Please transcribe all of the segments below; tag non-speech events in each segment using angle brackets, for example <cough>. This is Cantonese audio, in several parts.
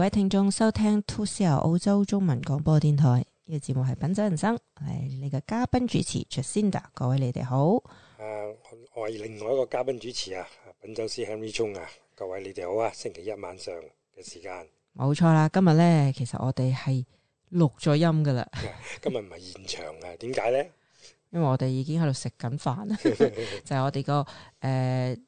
各位聽眾收聽 2CR 澳洲中文廣播電台，呢個節目係品酒人生，係你嘅嘉賓主持 Jacinda，各位你哋好。啊，我係另外一個嘉賓主持啊，品酒師 Henry 沖，啊，各位你哋好啊，星期一晚上嘅時間。冇錯啦，今日咧，其實我哋係錄咗音噶啦。今日唔係現場啊？點解咧？因為我哋已經喺度食緊飯，就係我哋個誒，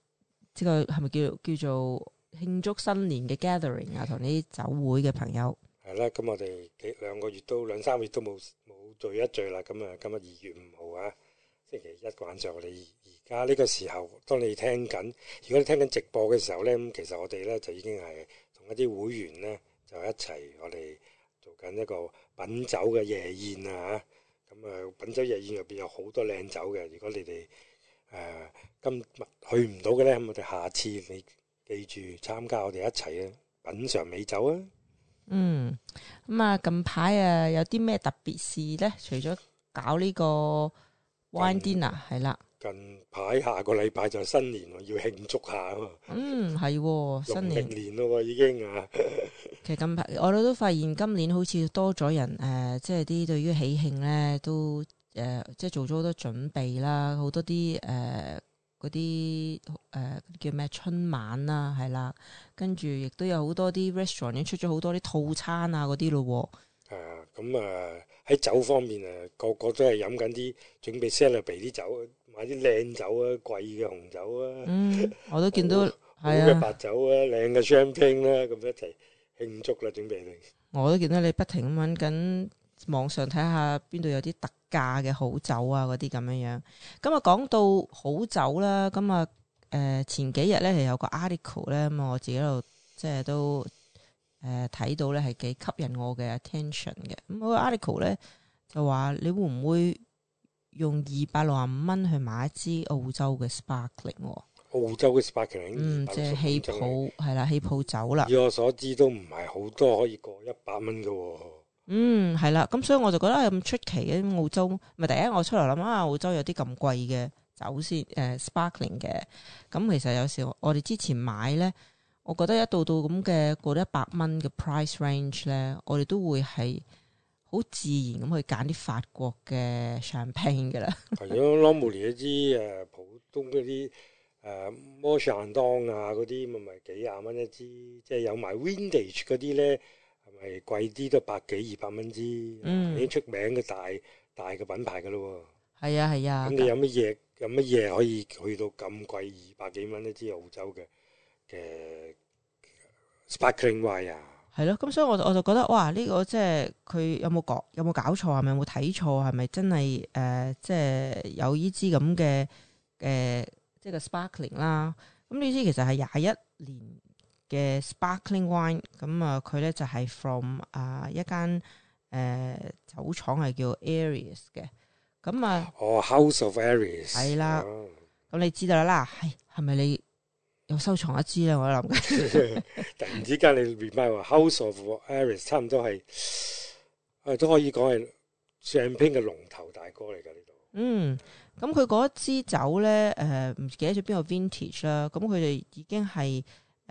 呢個係咪叫叫做？慶祝新年嘅 gathering 啊，同啲酒會嘅朋友係啦。咁我哋兩個月都兩三個月都冇冇聚一聚啦。咁啊，今日二月五號啊，星期一晚上，我哋而家呢個時候，當你聽緊，如果你聽緊直播嘅時候呢，咁其實我哋呢就已經係同一啲會員呢，就一齊，我哋做緊一個品酒嘅夜宴啊。咁啊，品酒夜宴入邊有好多靚酒嘅。如果你哋，呃、今日去唔到嘅呢，咁我哋下次你。記住參加我哋一齊啊，品嘗美酒啊！嗯，咁啊，近排啊有啲咩特別事咧？除咗搞呢個 wine dinner 係啦近，對了近排下個禮拜就新年喎，要慶祝下啊！嗯，係，年新年咯喎已經啊。其實近排我哋都發現今年好似多咗人誒，即係啲對於喜慶咧都誒，即、呃、係、就是、做咗好多準備啦，好多啲誒。呃嗰啲誒叫咩春晚啊？係啦，跟住亦都有好多啲 restaurant 咧出咗好多啲套餐啊嗰啲咯喎，啊，咁啊喺酒方面啊，個個，個都係飲緊啲準備 celebrate 啲酒，買啲靚酒啊，貴嘅紅酒啊、嗯，我都見到係 <laughs> 好啊，白酒啊，靚嘅 champagne 啦，咁、啊啊、一齊慶祝啦，準備你，我都見到你不停咁揾緊。網上睇下邊度有啲特價嘅好酒啊，嗰啲咁樣樣。咁、嗯、啊，講到好酒啦，咁啊，誒，前幾日咧係有個 article 咧，咁、嗯、啊，我自己度，即係都誒睇到咧係幾吸引我嘅 attention 嘅。咁、嗯個 article 咧就話你會唔會用二百六十五蚊去買一支澳洲嘅 sparkling？澳洲嘅 sparkling，嗯，即係氣泡係啦，氣泡酒啦。以我所知都唔係好多可以過一百蚊嘅。嗯，係啦，咁所以我就覺得咁出奇嘅澳洲，咪第一我出嚟諗下，澳洲有啲咁貴嘅酒先，誒 sparkling 嘅，咁、嗯、其實有時我哋之前買咧，我覺得一道道咁嘅過咗一百蚊嘅 price range 咧，我哋都會係好自然咁去揀啲法國嘅 champagne 噶啦如。除咗 Longmore 嘅一支誒普通嗰啲誒摩尚當啊嗰啲，咪咪、啊、幾廿蚊一支，即、就、係、是、有埋 Vintage 嗰啲咧。係貴啲都百幾二百蚊支，嗯、已經出名嘅大大嘅品牌嘅咯喎。係啊係啊。咁、啊、你有乜嘢有乜嘢那可以去到咁貴二百幾蚊一支澳洲嘅嘅 sparkling wine 啊？係、嗯、咯，咁所以我我就覺得哇！呢、呢個即係佢有冇搞有冇搞錯，係咪有冇睇錯，係咪真係誒？即、呃、係、即係、有呢支咁嘅誒，即係個 sparkling 啦。咁呢支其實係廿一年嘅 sparkling wine，咁啊佢咧就係 from 啊一間誒、呃、酒廠係叫 Aries 嘅，咁啊哦 House of Aries 係啦，咁你知道啦，嗱係係咪你又收藏一支咧？我諗突然之間你 remind House of Aries 差唔多係誒都可以講係 champagne 嘅龍頭大哥嚟噶呢度。嗯，咁佢嗰一支酒咧誒唔記得咗邊個 vintage 啦，咁佢哋已經係。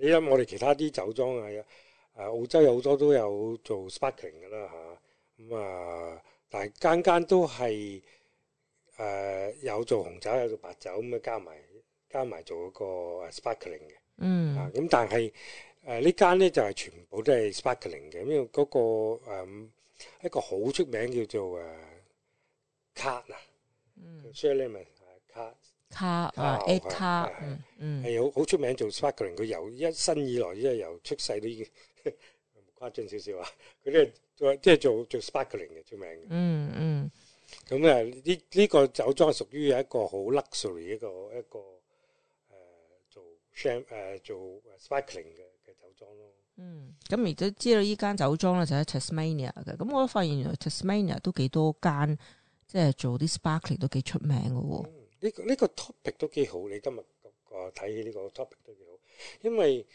你諗我哋其他啲酒莊啊，誒、呃、澳洲有好多都有做 sparkling 嘅啦嚇，咁啊，但係間間都係誒、呃、有做紅酒有做白酒咁加埋加埋做嗰個 sparkling 嘅，嗯，咁但係誒呢間咧就係全部都係 sparkling 嘅，因為嗰個一個好出名叫做誒卡啊，Card, 嗯所以咧卡啊，A 卡，嗯、uh, yeah, um yeah, yes. yes. um，係好好出名做 sparkling，佢由一新以來，即係由出世都已經誇張少少啊！佢咧做即係做做 sparkling 嘅出名嘅，嗯嗯。咁啊，呢呢個酒莊係屬於一個好 luxury 一個一個誒、呃、做 sham 誒做 sparkling 嘅嘅酒莊咯。嗯，咁而都知道呢間酒莊咧就喺 Tasmania 嘅，咁我都發現 Tasmania 都幾多間，即係做啲 sparkling 都幾出名嘅喎。呢個呢個 topic 都幾好，你今日個睇起呢個 topic 都幾好，因為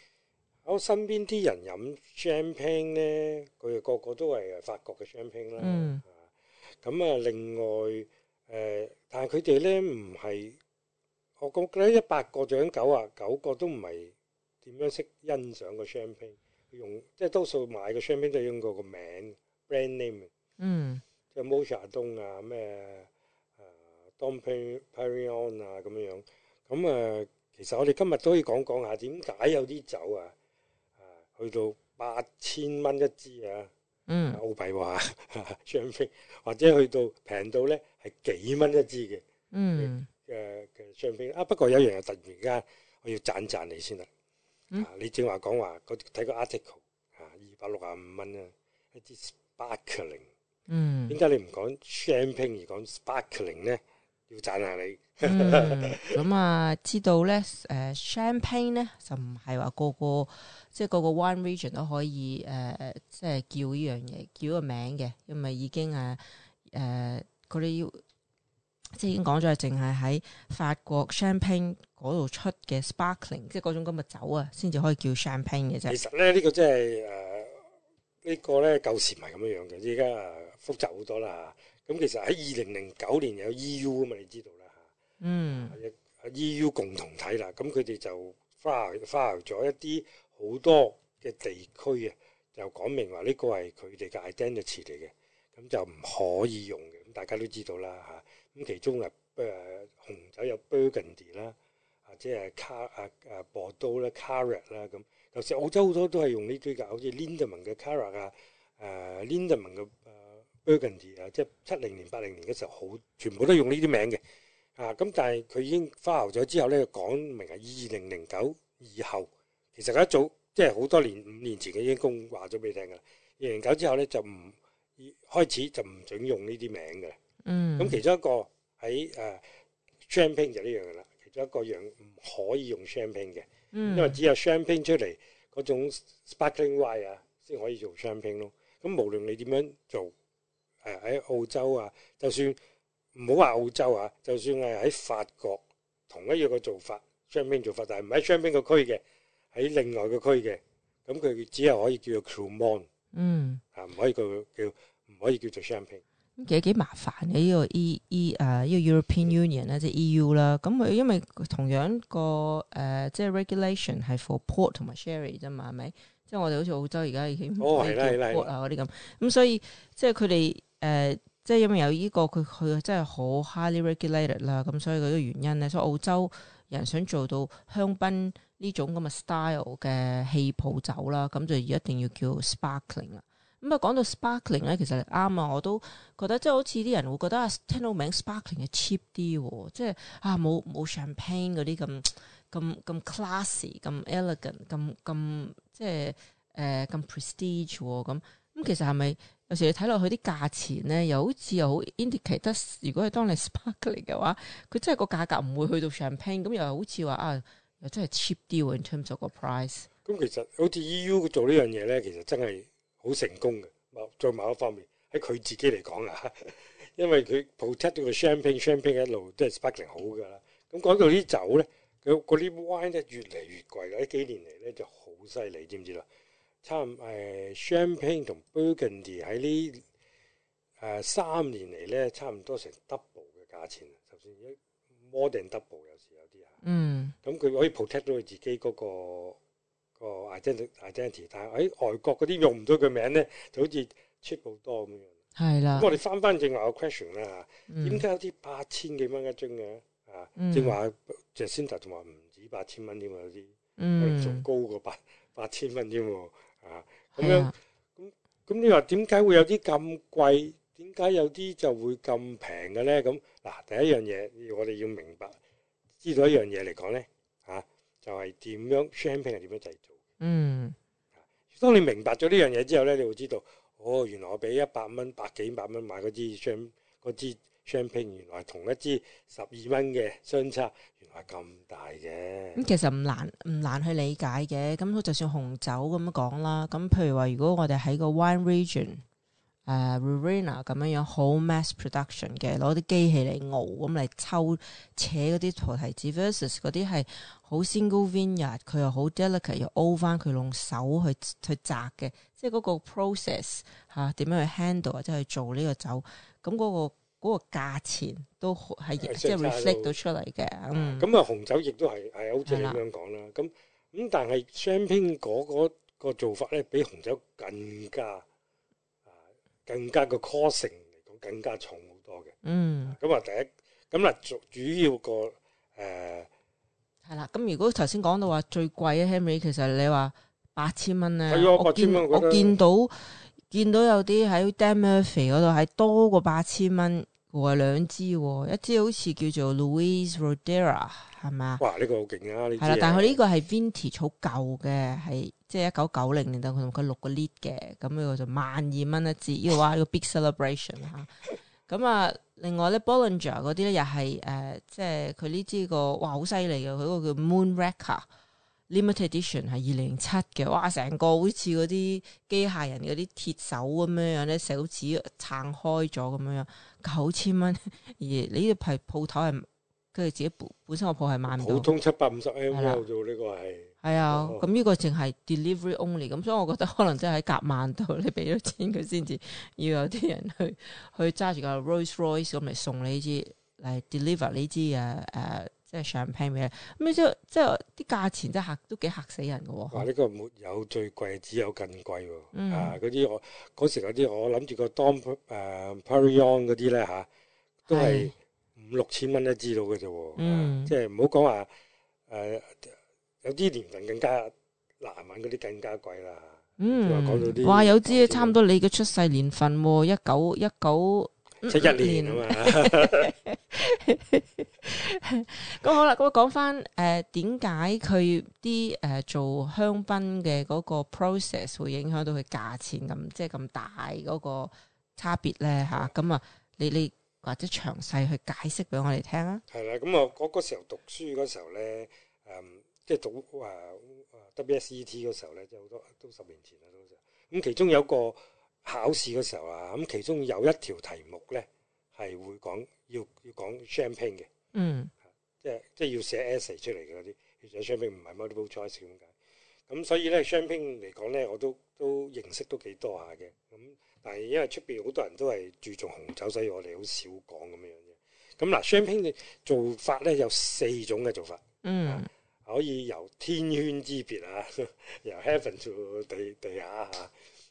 我身邊啲人飲 champagne 咧，佢哋個個都係法國嘅 champagne 啦。嗯。咁啊，另外誒，但係佢哋咧唔係，我覺得一百個中九啊九個都唔係點樣識欣賞個 champagne，用即係多數買嘅 champagne 都係用過個名 brand name。嗯。即係 Moët Chandon 啊咩？當 pairing on 啊，咁樣樣咁啊。其實我哋今日都可以講講下點解有啲酒啊，啊，去到八千蚊一支啊，歐幣喎啊，champagne 或者去到平到咧係幾蚊一支嘅。嗯嘅嘅 champagne 啊，不過有一樣嘢突然間我要讚讚你先得。嗯、mm? 啊，你正話講話睇個 article 啊，二百六啊五蚊啊，一支 sparkling。嗯、mm.，點解你唔講 champagne 而講 sparkling 咧？讚下你。咁、嗯 <laughs> 嗯、啊，知道咧，誒、呃、champagne 咧就唔係話個個，即係個個 one region 都可以誒、呃，即係叫呢樣嘢，叫個名嘅，因為已經誒誒，啲、呃，即係已經講咗，係淨係喺法國 champagne 嗰度出嘅 sparkling，即係嗰種咁嘅酒啊，先至可以叫 champagne 嘅啫。其實咧，呢個真係誒，呢個咧舊時唔係咁樣嘅，而家複雜好多啦。咁其實喺二零零九年有 EU 啊嘛，你知道啦嚇。嗯、mm. 啊，啊 EU 共同體啦，咁佢哋就花花咗一啲好多嘅地區啊，就講明話呢個係佢哋嘅 identity 嚟嘅，咁、嗯、就唔可以用嘅。咁、嗯、大家都知道啦嚇。咁、啊、其中啊，誒、呃、紅酒有 Burgundy 啦，啊即係卡啊啊波多啦 Carat 啦咁。其實澳洲好多都係用呢啲嘅，好似 Lindeman 嘅 Carat 啊，誒 Lindeman 嘅。Lind Burgundy 啊！即係七零年、八零年嘅時候，好全部都用呢啲名嘅啊。咁但係佢已經發行咗之後咧，講明係二零零九以後，其實一早即係好多年五年前，佢已經講話咗俾你聽㗎啦。二零零九之後咧，就唔開始就唔準用呢啲名㗎喇。嗯，嗯。咁其中一個喺誒 Champagne 就呢樣啦。其中一個樣唔可以用 Champagne 嘅，因為只有 Champagne 出嚟嗰種 sparkling wine 啊，先可以做 Champagne 咯。咁、啊、無論你點樣做。誒喺澳洲啊，就算唔好話澳洲啊，就算係喺法國同一樣嘅做法 Champagne 做法，但係唔喺 Champagne 個區嘅，喺另外個區嘅，咁佢只係可以叫做 Crémant，r 嗯，嚇唔可以叫叫唔可以叫做 Champagne，咁其實幾幾麻煩嘅呢、這個 E E 誒、uh, 呢個 European Union 咧、e，即係 EU 啦。咁佢因為同樣個誒即、呃、係、就是、regulation 係 for port 同埋 sherry 啫嘛，係咪？即係我哋好似澳洲而家已經唔可以叫 port 啊嗰啲、哦、咁。咁所以即係佢哋。就是誒、呃，即係因為有呢、這個佢佢真係好 highly regulated 啦，咁、嗯、所以嗰個原因咧，所以澳洲人想做到香檳呢種咁嘅 style 嘅氣泡酒啦，咁、嗯、就一定要叫 sparkling 啦。咁、嗯、啊，講到 sparkling 咧，其實啱啊，我都覺得即係好似啲人會覺得啊，聽到名 sparkling 係 cheap 啲，即係啊冇冇 champagne 嗰啲咁咁咁 classy、咁 elegant、咁咁即係誒咁 prestige 咁。咁、e 呃嗯、其實係咪？有時你睇落去啲價錢咧，又好似又好 indicate 得。如果係當你 sparkling 嘅話，佢真係個價格唔會去到 champagne 咁，又好似話啊，又真係 cheap 啲喎。In terms of 個 price，咁其實好似 EU 做呢樣嘢咧，其實真係好成功嘅。某再某一方面喺佢自己嚟講啊，因為佢 protect 到個 champagne，champagne 一路都係 sparkling 好㗎啦。咁講到啲酒咧，佢嗰啲 wine 咧越嚟越貴啦。喺幾年嚟咧就好犀利，知唔知道？差唔誒、嗯、，Champagne 同 Burgundy 喺呢誒、呃、三年嚟咧，差唔多成 double 嘅價錢啦，就算一 more than double 有時有啲嚇。嗯，咁佢、嗯、可以 protect 到佢自己嗰、嗰個個 identity，但係喺外國嗰啲用唔到佢名咧，就好似 cheap 好多咁樣。係啦，咁、嗯、我哋翻翻正話個 question 啦嚇，點解有啲八千幾蚊一樽嘅、啊？啊，正話 Jacinda 仲話唔止八千蚊添喎，有啲仲高過八八千蚊添喎。嗯。啊，咁樣，咁咁你話點解會有啲咁貴？點解有啲就會咁平嘅呢？咁嗱，第一樣嘢我哋要明白，知道一樣嘢嚟講呢，嚇就係點樣 Champagne 係點樣製造？嗯，當你明白咗呢樣嘢之後呢，你會知道，哦，原來我俾一百蚊、百幾百蚊買嗰支 Champagne，嗰支。Champagne 原來同一支十二蚊嘅相差原來咁大嘅。咁、嗯、其實唔難唔難去理解嘅。咁就算紅酒咁講啦。咁譬如話，如果我哋喺個 wine region，誒 Riverina 咁樣樣好 mass production 嘅，攞啲機器嚟熬咁嚟抽扯嗰啲菩提子，versus 嗰啲係好 single vineyard，佢又好 delicate，又熬翻佢用手去去摘嘅，即係嗰個 process 嚇、啊、點樣去 handle 或者去做呢個酒，咁嗰、嗰個。嗰個價錢都係即係 reflect 到出嚟嘅，咁啊紅酒亦都係好似你咁樣講啦。咁咁但係 Champagne 嗰個做法咧，比紅酒更加啊更加個 costing 嚟講更加重好多嘅。嗯，咁啊第一咁嗱主主要個誒係啦。咁如果頭先講到話最貴嘅 Henry，其實你話八千蚊咧，我見我見到見到有啲喺 Dan Murphy 嗰度係多過八千蚊。哇、哦、兩支喎、哦，一支好似叫做 Louis Roederer 係咪？哇呢個好勁啊！呢係啦，但係佢呢個係 vintage 好舊嘅，係即係一九九零年，但佢同佢六個 lit 嘅，咁佢就萬二蚊一支。依個哇呢個 big celebration 嚇，咁啊另外咧 Bollinger 嗰啲咧又係誒，即係佢呢支個哇好犀利嘅，佢嗰個叫 Moonraker。Limited Edition 係二零七嘅，哇！成個好似嗰啲機械人嗰啲鐵手咁樣樣咧，手指撐開咗咁樣樣，九千蚊。而你呢排鋪頭係佢哋自己本身個鋪係賣唔普通七百五十 M 嘅啫了。呢個係係啊，咁呢了、哦、個淨係 delivery only。咁所以我覺得可能真係喺夾萬度，你俾咗錢佢先至要有啲人去去揸住架 Rolls Royce 咁嚟送你支，嚟 deliver 呢支啊啊！啊即係上牌嘅，咁即係即係啲價錢真係嚇都幾嚇死人嘅喎、哦。呢、這個沒有最貴，只有更貴喎、啊嗯啊 uh,。啊，嗰啲我嗰時嗰啲我諗住個 Dom 誒 Pérignon 嗰啲咧嚇，都係五六千蚊一支到嘅啫。嗯，啊、即係唔好講話誒，有啲年份更加難揾嗰啲更加貴啦、啊。嗯，話講到啲，話有啲差唔多你嘅出世年份喎、啊，一九一九。七一年咁好啦，咁我講翻誒，點解佢啲誒做香檳嘅嗰個 process 會影響到佢價錢咁，即係咁大嗰個差別咧？吓，咁啊，你你或者詳細去解釋俾我哋聽啊？係啦，咁啊，我嗰時候讀書嗰時候咧，嗯，即係讀誒 WSET 嗰時候咧，即係好多都十年前啦，都咁，其中有一個。考試嘅時候啊，咁其中有一條題目咧係會講要要講 Champagne 嘅，嗯，即係即係要寫 essay 出嚟嘅嗰啲，其實 Champagne 唔係 multiple choice 咁解，咁所以咧 Champagne 嚟講咧，我都都認識都幾多下嘅，咁但係因為出邊好多人都係注重紅酒，所以我哋好少講咁樣嘅。咁嗱，Champagne 嘅做法咧有四種嘅做法，嗯、啊，可以由天淵之別啊， <laughs> 由 heaven 做地地下嚇。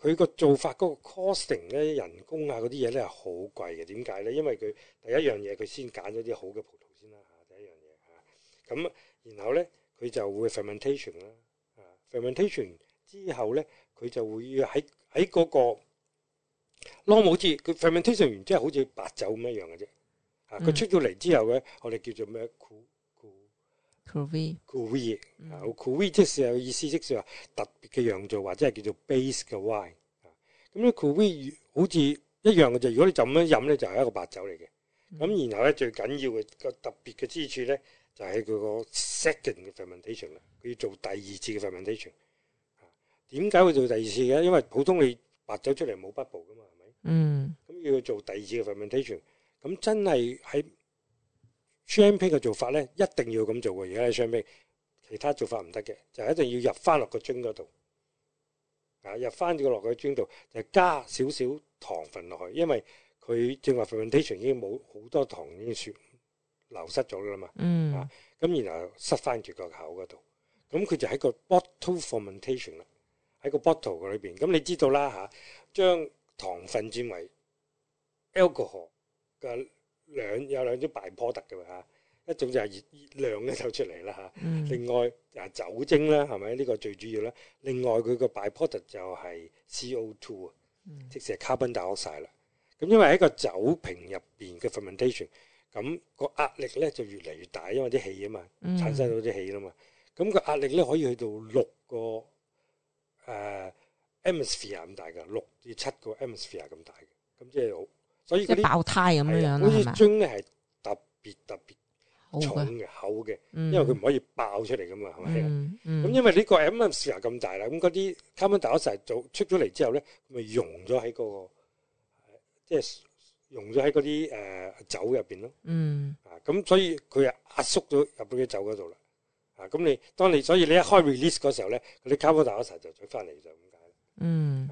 佢個做法嗰、嗰個 costing 咧，人工啊嗰啲嘢咧係好貴嘅，點解咧？因為佢第一樣嘢佢先揀咗啲好嘅葡萄先啦嚇，第一樣嘢嚇。咁、啊啊、然後咧佢就會 fermentation 啦、啊 fer 那個 fer，啊 fermentation 之後咧佢就會喺喺嗰個攞好似佢 fermentation 完之後好似白酒咁樣樣嘅啫，啊佢出咗嚟之後咧我哋叫做咩、這個 Cuvée，Cuvée 即係意思，即係話特別嘅釀造或者係叫做 base 嘅 wine。咁咧 Cuvée 好似一樣嘅就，如果你就咁樣飲咧，就係一個白酒嚟嘅。咁然後咧最緊要嘅個特別嘅之處咧，就係佢個 second 嘅 fermentation 啦。佢要做第二次嘅 fermentation。點解會做第二次嘅？因為普通你白酒出嚟冇 bubble 㗎嘛，係咪？嗯。咁要做第二次嘅 fermentation，咁真係喺。Champagne 嘅做法咧，一定要咁做嘅。而家係 Champagne，其他做法唔得嘅，就一定要入翻落個樽嗰度，啊，入翻住落個樽度，就加少少糖分落去，因為佢正話 fermentation 已經冇好多糖已經全流失咗啦嘛、啊 mm. 啊。嗯。咁然後塞翻住個口嗰度，咁佢就喺個 bottle fermentation 啦，喺個 bottle 嗰裏邊。咁你知道啦嚇，將、啊、糖分轉為 alcohol 嘅。Al 兩有兩種 byproduct 㗎嘛，一種就係熱，熱量咧就出嚟啦嚇，嗯、另外啊酒精咧係咪呢個最主要啦？另外佢個 byproduct 就係 C O two 啊，即係 carbon dioxide 啦。咁因為喺個酒瓶入邊嘅 fermentation，咁個壓力咧就越嚟越大，因為啲氣啊嘛，產生咗啲氣啦嘛，咁個壓力咧可以去到六個誒、呃、atmosphere 咁大㗎，六至七個 atmosphere 咁大嘅，咁即係好。所以嗰啲爆胎咁樣樣，嗰啲樽咧係特別特別重嘅、厚嘅，因為佢唔可以爆出嚟噶嘛，係咪？咁、嗯嗯、因為呢個 MMSA 咁大啦，咁嗰啲 carbon dioxide 做出咗嚟之後咧，咪溶咗喺嗰個，即係溶咗喺嗰啲誒酒入邊咯。嗯啊，咁所以佢啊壓縮咗入到啲酒嗰度啦。啊，咁你當你所以你一開 release 嗰時候咧，嗰啲 carbon dioxide 就出翻嚟就咁解。嗯，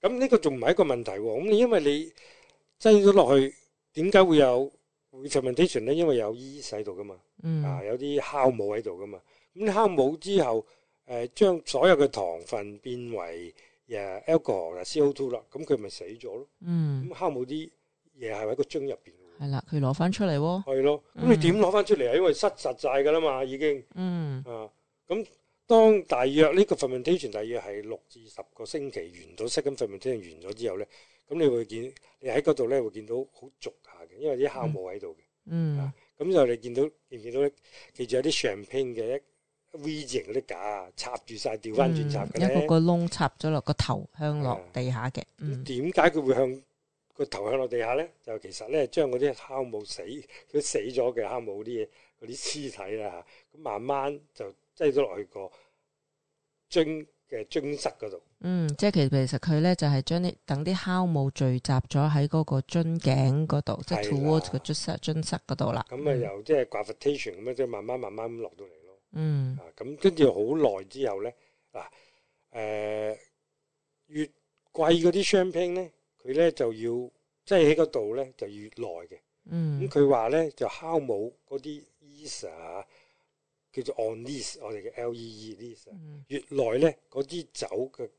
咁呢個仲唔係一個問題喎？咁你因為你。擠咗落去，點解會有 fermentation 咧？因為有酵母喺度噶嘛，啊有啲酵母喺度噶嘛。咁酵母之後，誒將所有嘅糖分變為誒 alcohol 啊，CO2 啦。咁佢咪死咗咯。咁酵母啲嘢係喺個樽入邊。係啦，佢攞翻出嚟喎。係咯，咁你點攞翻出嚟啊？因為失實晒噶啦嘛，已經。嗯。啊，咁當大約呢個 fermentation 大約係六至十個星期完咗，失緊 fermentation 完咗之後咧。咁你會見，你喺嗰度咧會見到好濁下嘅，因為啲酵母喺度嘅。嗯。咁就、啊、你見到見唔見到咧？佢仲有啲香檳嘅一 V 型嗰啲架啊，插住晒掉翻轉插嘅咧、嗯。一個個窿插咗落個頭向落地下嘅。嗯。點解佢會向個頭向落地下咧？嗯、就其實咧，將嗰啲酵母死，佢死咗嘅酵母啲嘢，嗰啲屍體啦嚇，咁、啊、慢慢就擠咗落去個樽嘅樽室嗰度。嗯，即係其實佢咧就係、是、將啲等啲酵母聚集咗喺嗰個樽頸嗰度，的即係 towards 個樽塞樽塞嗰度啦。咁咪又即係 gravitation 咁樣，即係慢慢慢慢咁落到嚟咯。嗯。咁跟住好耐之後咧，嗱、啊、誒、呃、越貴嗰啲 champagne 咧，佢咧就要即係喺嗰度咧就，是、呢就越耐嘅。嗯。咁佢話咧就酵母嗰啲 isa。叫做 on lease，我哋嘅 L E E lease 越耐咧，嗰啲酒嘅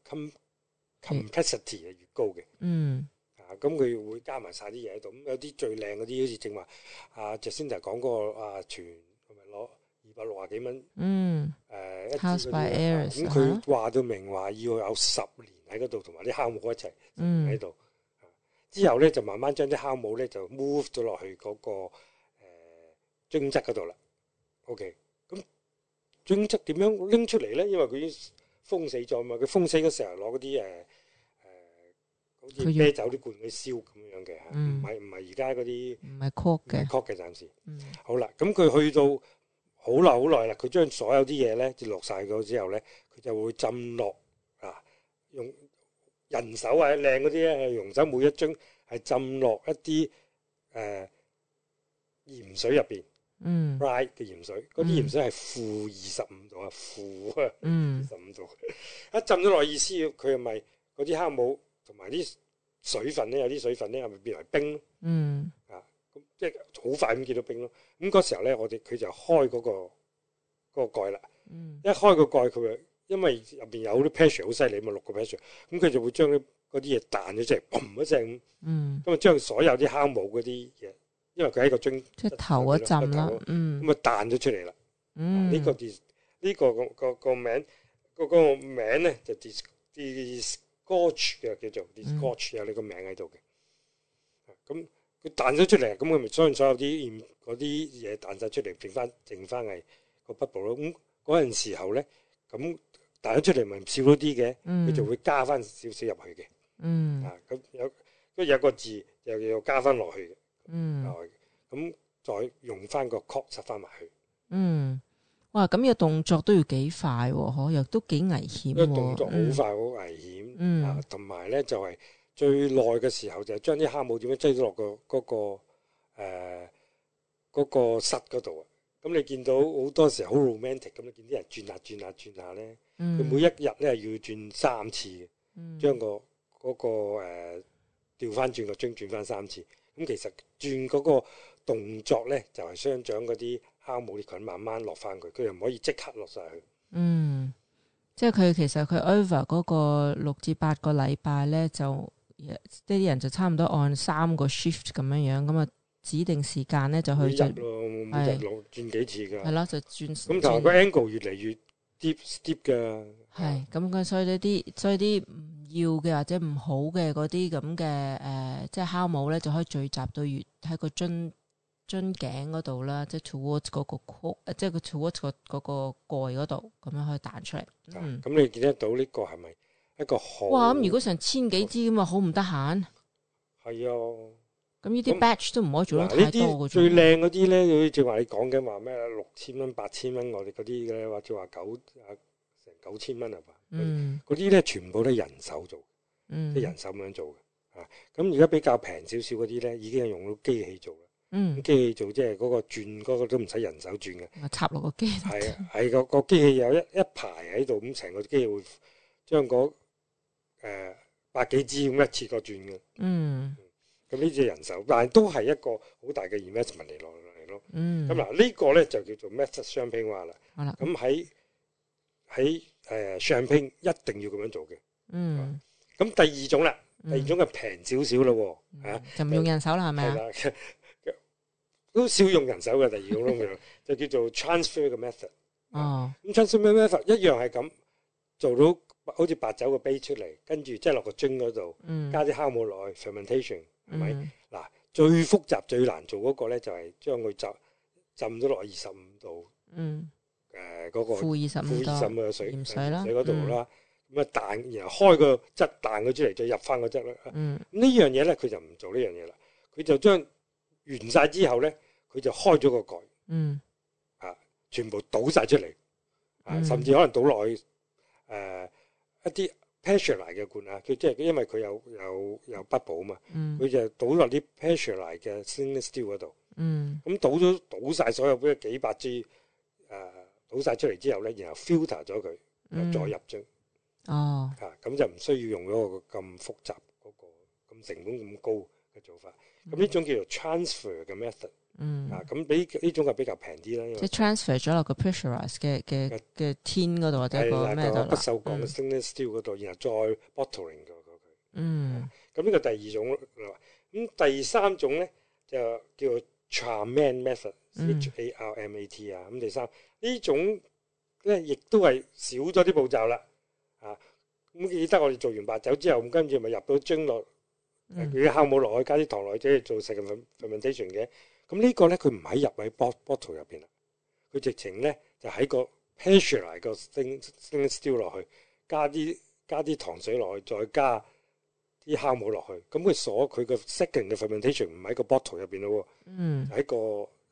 complexity 係越高嘅。嗯啊，咁佢會加埋晒啲嘢喺度。咁有啲最靚嗰啲，好似正話啊，Jacinda 講過啊，全係咪攞二百六啊幾蚊？嗯誒，咁佢話到明話要有十年喺嗰度，同埋啲酵母一齊喺度之後咧，就慢慢將啲酵母咧就 move 咗落去嗰個誒樽質嗰度啦。O K。專輯點樣拎出嚟咧？因為佢已經封死咗嘛，佢封死嗰時候攞嗰啲誒誒，好似啤酒啲罐去燒咁樣嘅嚇，唔係唔係，而家嗰啲唔係 cork 嘅嘅暫時。嗯、好啦，咁佢去到好耐好耐啦，佢將所有啲嘢咧就落晒咗之後咧，佢就會浸落啊，用人手啊靚嗰啲咧，用手每一樽係浸落一啲誒、啊、鹽水入邊。嗯，嘅鹽水，嗰啲鹽水係負二十五度啊，負啊，二十五度，一浸咗落去，意思，佢係咪嗰啲酵母同埋啲水分咧？有啲水分咧，係咪變為冰？嗯，啊，咁即係好快咁見到冰咯。咁嗰時候咧，我哋佢就開嗰個嗰個蓋啦。嗯，一開個蓋，佢咪因為入邊有好多 pressure 好犀利嘛，六個 pressure，咁佢就會將啲嗰啲嘢彈咗出嚟，嘣一聲咁。嗯，啊，將所有啲酵母嗰啲嘢。因為佢喺個樽，即係頭嗰陣啦，嗯，咁啊彈咗出嚟啦，嗯，呢個字，呢個個個個名，嗰個名咧就 dis，dis，scotch 嘅叫做 d i s c o t c h 有你個名喺度嘅，咁佢彈咗出嚟，咁佢咪所以所有啲啲嘢彈晒出嚟，剩翻剩翻係個北部咯。咁嗰陣時候咧，咁彈咗出嚟咪少咗啲嘅，佢就會加翻少少入去嘅，嗯，啊咁有，佢有個字又要加翻落去嘅。嗯，咁再用翻個 cork 塞翻埋去。嗯，哇，咁嘅動作都要幾快，哦，嗬，又都幾危險，哦。嗯、動作好快很險，好危險啊！同埋咧，就係、是、最耐嘅時候就係將啲酵母點樣擠咗落個嗰、嗯那個誒、呃那個室嗰度啊。咁、嗯嗯、你見到好多時好 romantic 咁、嗯，嗯嗯、你見啲人轉下轉下轉下咧，佢每一日咧要轉三次，將個嗰個誒調翻轉個樽轉翻三次。咁其實轉嗰個動作咧，就係雙掌嗰啲酵母啲菌慢慢落翻佢，佢又唔可以即刻落晒去。嗯，即係佢其實佢 over 嗰個六至八個禮拜咧，就呢啲人就差唔多按三個 shift 咁樣樣，咁、嗯、啊指定時間咧就去。一集咯，一集是轉幾次㗎。係啦，就轉。咁同埋個 angle 越嚟越 deep，deep 㗎 deep。係是，咁佢、嗯、所以呢啲所以啲要嘅或者唔好嘅嗰啲咁嘅誒，即係酵母咧，就可以聚集到越喺個樽樽頸嗰度啦，即係 towards、那、u、個呃、即係個 towards 個嗰個蓋嗰度，咁樣可以彈出嚟。嗯，咁你見得到呢個係咪一個好？哇！咁如果成千幾支咁啊，好唔得閒。係啊、嗯，咁呢啲 batch 都唔可以做得太多㗎。最靚嗰啲咧，好似話你講緊話咩六千蚊、八千蚊，我哋嗰啲嘅，或者話九啊成九千蚊啊。嗰啲咧全部都係人手做，嗯、即係人手咁樣做嘅嚇。咁而家比較平少少嗰啲咧，已經係用到機器做啦。嗯，機器做即係嗰個轉嗰、嗰個都唔使人手轉嘅。插落個機器。係啊，係個、嗰個機器有一一排喺度，咁成個機器會將、嗰個、呃、百幾支咁一次個轉嘅、嗯嗯。嗯。咁呢只人手，但係都係一個好大嘅 investment 嚟落嚟咯。咁嗱，嗯、個呢個咧就叫做 mass 商品化啦。好啦的。咁喺喺。係香檳一定要咁樣做嘅。嗯，咁第二種啦，嗯、第二種點點、嗯、就平少少咯，吓就唔用人手啦，係咪啊？是的 <laughs> 都少用人手嘅第二種咯， <laughs> 就叫做 transfer 嘅 method。哦，咁、嗯、transfer 咩 method？一樣係咁做到，好似白酒嘅 base 出嚟，跟住即係落個樽嗰度，嗯、加啲酵母落去 fermentation，係咪？嗱、嗯，最複雜最難做嗰個咧，就係將佢浸浸咗落二十五度。嗯。嗯誒嗰、呃那個負二十噚水水嗰度啦，咁啊彈然後開個質彈佢出嚟，再入翻個質啦。嗯呢，呢樣嘢咧，佢就唔做呢樣嘢啦。佢就將完晒之後咧，佢就開咗個蓋。嗯，啊，全部倒晒出嚟啊，甚至可能倒落去誒、呃、一啲 pressure 嘅罐啊。佢即係因為佢有有有不保嘛。佢、嗯、就倒落啲 pressure 嘅 stainless steel 嗰度。嗯，嗯，咁倒咗倒晒所有嗰幾百支。攪曬出嚟之後咧，然後 filter 咗佢，又再入樽。哦，嚇咁就唔需要用嗰個咁複雜嗰個咁成本咁高嘅做法。咁呢種叫做 transfer 嘅 method。嗯。啊，咁比呢種就比較平啲啦。即係 transfer 咗落個 pressurised 嘅嘅嘅天嗰度，或者個咩度？不鏽鋼嘅 stainless steel 嗰度，然後再 bottling 咗佢。嗯。咁呢個第二種，咁第三種咧就叫做。Charmat method，H、嗯、A R M A T 啊，咁第三呢種咧亦都係少咗啲步驟啦，啊咁、嗯嗯、記得我哋做完白酒之後，咁跟住咪入到樽落，佢、啊、酵母落去加啲糖落去做食嘅發發 mentation 嘅，咁呢個咧佢唔喺入喺 bot bottle 入邊啦，佢直情咧就喺個 pressure 個 stain stainless steel 落去，加啲、嗯啊這個、st 加啲糖水落去再加。啲酵母落去，咁佢鎖佢個 second 嘅 fermentation 唔喺個 bottle 入邊咯，喺個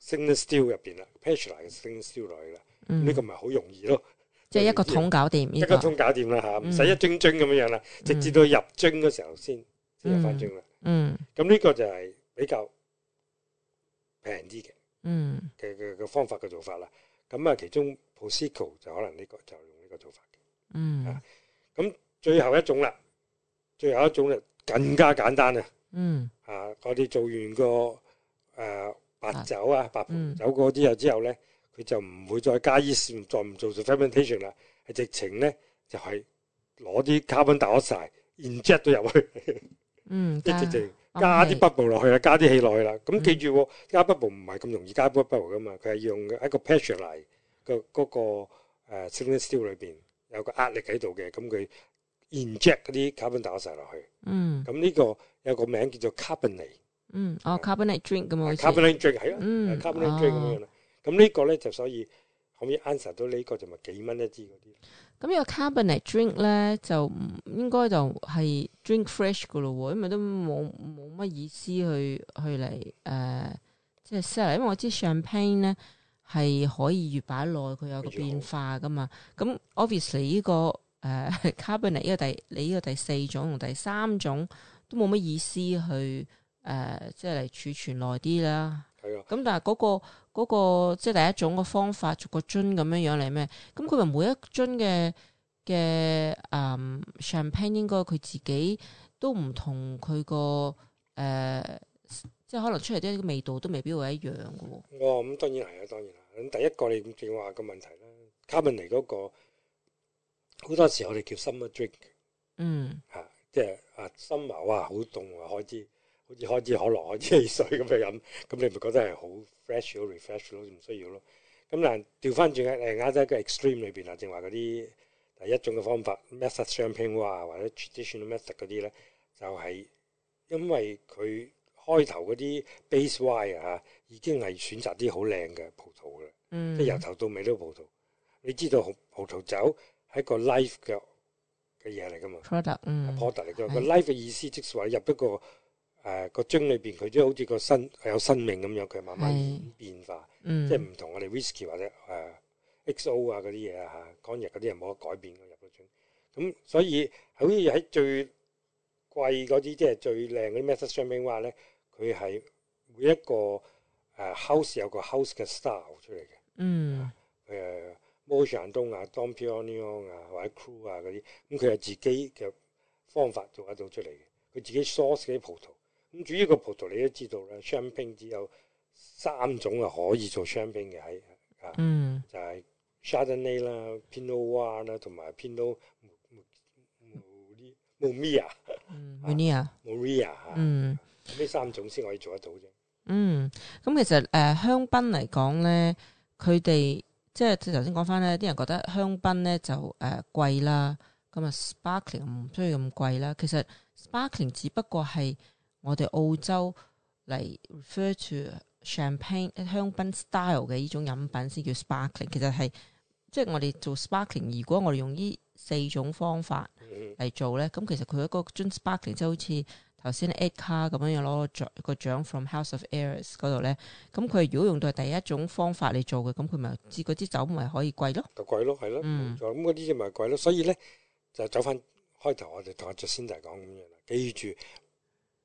stainless steel 入邊啦，pasteur 化嘅 stainless steel 嚟噶，咁呢個咪好容易咯，即係一個桶搞掂，一個桶搞掂啦嚇，唔使一樽樽咁樣樣啦，直至到入樽嗰時候先先入翻樽啦。嗯，咁呢個就係比較平啲嘅，嗯嘅嘅嘅方法嘅做法啦。咁啊，其中 Prosecco 就可能呢個就用呢個做法嘅。嗯，咁最後一種啦。最後一種咧更加簡單啊！嗯，嚇我哋做完個誒白酒啊、白酒嗰啲又之後咧，佢就唔會再加 yeast，再唔做 fermentation 啦，係直情咧就係攞啲 carbon dioxide inject 到入去。嗯，即直就加啲 bubble 落去啦，加啲氣落去啦。咁記住，加 bubble 唔係咁容易加 bubble 嘅嘛，佢係用一個 pressure 嚟個嗰個 stainless steel 裏邊有個壓力喺度嘅，咁佢。inject 啲卡賓打晒落去，嗯，咁呢個有個名叫做 carbonate 嗯吧哦 carbonate drink 咁樣係啊，咁呢個咧就所以可唔可以 answer 到、這個就是、個呢個就咪幾蚊一支啲。咁呢個 carbonate drink 咧就唔應該就係 drink fresh 噶咯，因為都冇冇乜意思去去嚟誒、呃、即係 sell 因為我知 Champagne 咧係可以越擺耐，佢有個變化噶嘛，咁 obviously 呢、這個誒 Carbonation 呢個第你呢、這個第四種同第三種都冇乜意思去誒、呃，即係嚟儲存耐啲啦。係啊是的、嗯，咁但係嗰、那個、那個那個、即係第一種嘅方法，逐個樽咁樣樣嚟咩？咁佢咪每一樽嘅嘅誒 Champagne 應該佢自己都唔同佢個誒，即係可能出嚟啲味道都未必會一樣嘅喎。哦，咁當然係啊，當然啊。咁第一個你正話個問題啦卡 Carbonation 嗰個。好多時我哋叫 summer drink，嗯嚇、mm. 啊，即係啊 summer，哇好凍啊，開支好似開支可樂、開支汽水咁樣飲，咁、嗯嗯、 <laughs> 你咪覺得係好 fresh、好 refresh 咯，唔需要咯。咁、嗯、但調翻轉誒，啱啱一個 extreme 裏邊啊，正話嗰啲第一種嘅方法、mm. method champagne 哇，或者 traditional method 嗰啲咧，就係、是、因為佢開頭嗰啲 base wine、啊、已經係選擇啲好靚嘅葡萄嘅，mm. 即係由頭到尾都葡萄。你知道葡萄酒？喺個 life 嘅嘅嘢嚟噶嘛？product 嗯 product 嚟嘅，個 life 嘅意思，即係話入一個誒、呃、個樽裏邊，佢即係好似個生佢有生命咁樣，佢慢慢變化，嗯、即係唔同我哋 whisky 或者誒、呃、xo 啊嗰啲嘢啊嚇 cognac 嗰啲人冇得改變、啊、入個樽咁，所以好似喺最貴嗰啲，即係最靚嗰啲 méthode champenoise 咧，佢係每一個誒、呃、house 有個 house 嘅 style 出嚟嘅。嗯誒。啊 Moët 啊，Dom Pérignon 啊，或者 Cru 啊嗰啲，咁佢係自己嘅方法做得到出嚟嘅。佢自己 source 嘅葡萄，咁主要個葡萄你都知道啦，香檳只有三種啊可以做香檳嘅喺啊，就係 Chardonnay 啦、Pinot Noir 啦，同埋 Pinot Meunier，Meunier，Meunier 嗯。呢三種先可以做得到啫。嗯。咁其實誒香檳嚟講咧，佢哋。即係頭先講翻咧，啲人覺得香檳咧就誒、呃、貴啦，咁啊 sparkling 唔需要咁貴啦。其實 sparkling 只不過係我哋澳洲嚟 refer to champagne 香檳 style 嘅呢種飲品先叫 sparkling。其實係即係我哋做 sparkling，如果我哋用呢四種方法嚟做咧，咁、嗯、其實佢一個樽 sparkling 即係好似。頭先咧，ad 卡咁樣樣攞個獎，個獎 from House of Arras、er、嗰度咧，咁、嗯、佢、嗯、如果用到係第一種方法嚟做嘅，咁佢咪知嗰支酒咪可以貴咯，就貴、嗯、咯，係咯，咁嗰啲就咪貴咯，所以咧就走翻開頭，我哋同阿卓先就係講咁樣啦，記住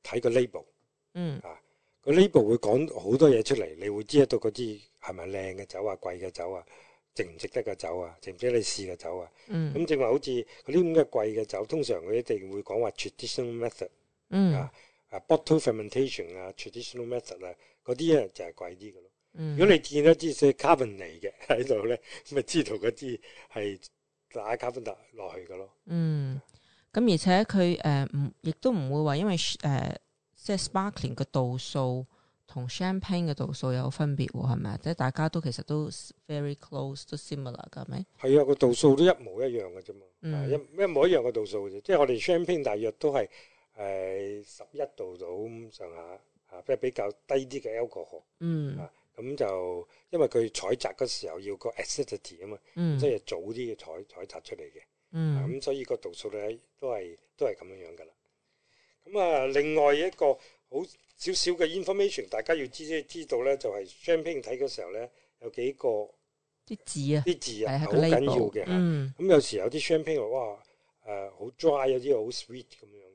睇個 label，嗯啊，個 label 會講好多嘢出嚟，你會知得到嗰支係咪靚嘅酒啊，貴嘅酒啊，值唔值得嘅酒啊，值唔值得你試嘅酒啊，嗯，咁、嗯、正話好似嗰啲咁嘅貴嘅酒，通常佢一定會講話 traditional method。嗯啊，啊，bottle fermentation 啊，traditional method 啊，嗰啲啊就係貴啲嘅咯。嗯、如果你見到一啲水 carbon 嚟嘅喺度咧，咁咪知道嗰啲係打 carbon 落去嘅咯嗯。嗯，咁而且佢誒唔亦都唔會話因為誒、呃、即係 sparkling 嘅度數同 champagne 嘅度數有分別係咪？即係大家都其實都 very close，都 similar 嘅係咪？係啊，個度數都一模一樣嘅啫嘛，嗯、一一模一樣嘅度數啫。即係我哋 champagne 大約都係。誒十一度到咁上下嚇，即係比較低啲嘅 alcohol，嗯啊，咁、嗯、就、嗯嗯、因為佢採摘嗰時候要個 acidity、嗯、啊嘛，即係早啲採採摘出嚟嘅嗯，咁所以個度數咧都係都係咁樣樣噶啦。咁、嗯、啊，另外一個好少少嘅 information，大家要知即知道咧，就係、是、champagne 睇嘅時候咧有幾個啲字啊啲字啊，係好緊要嘅。咁、嗯嗯嗯、有時候有啲 champagne 話哇誒好、呃、dry 有啲好 sweet 咁樣。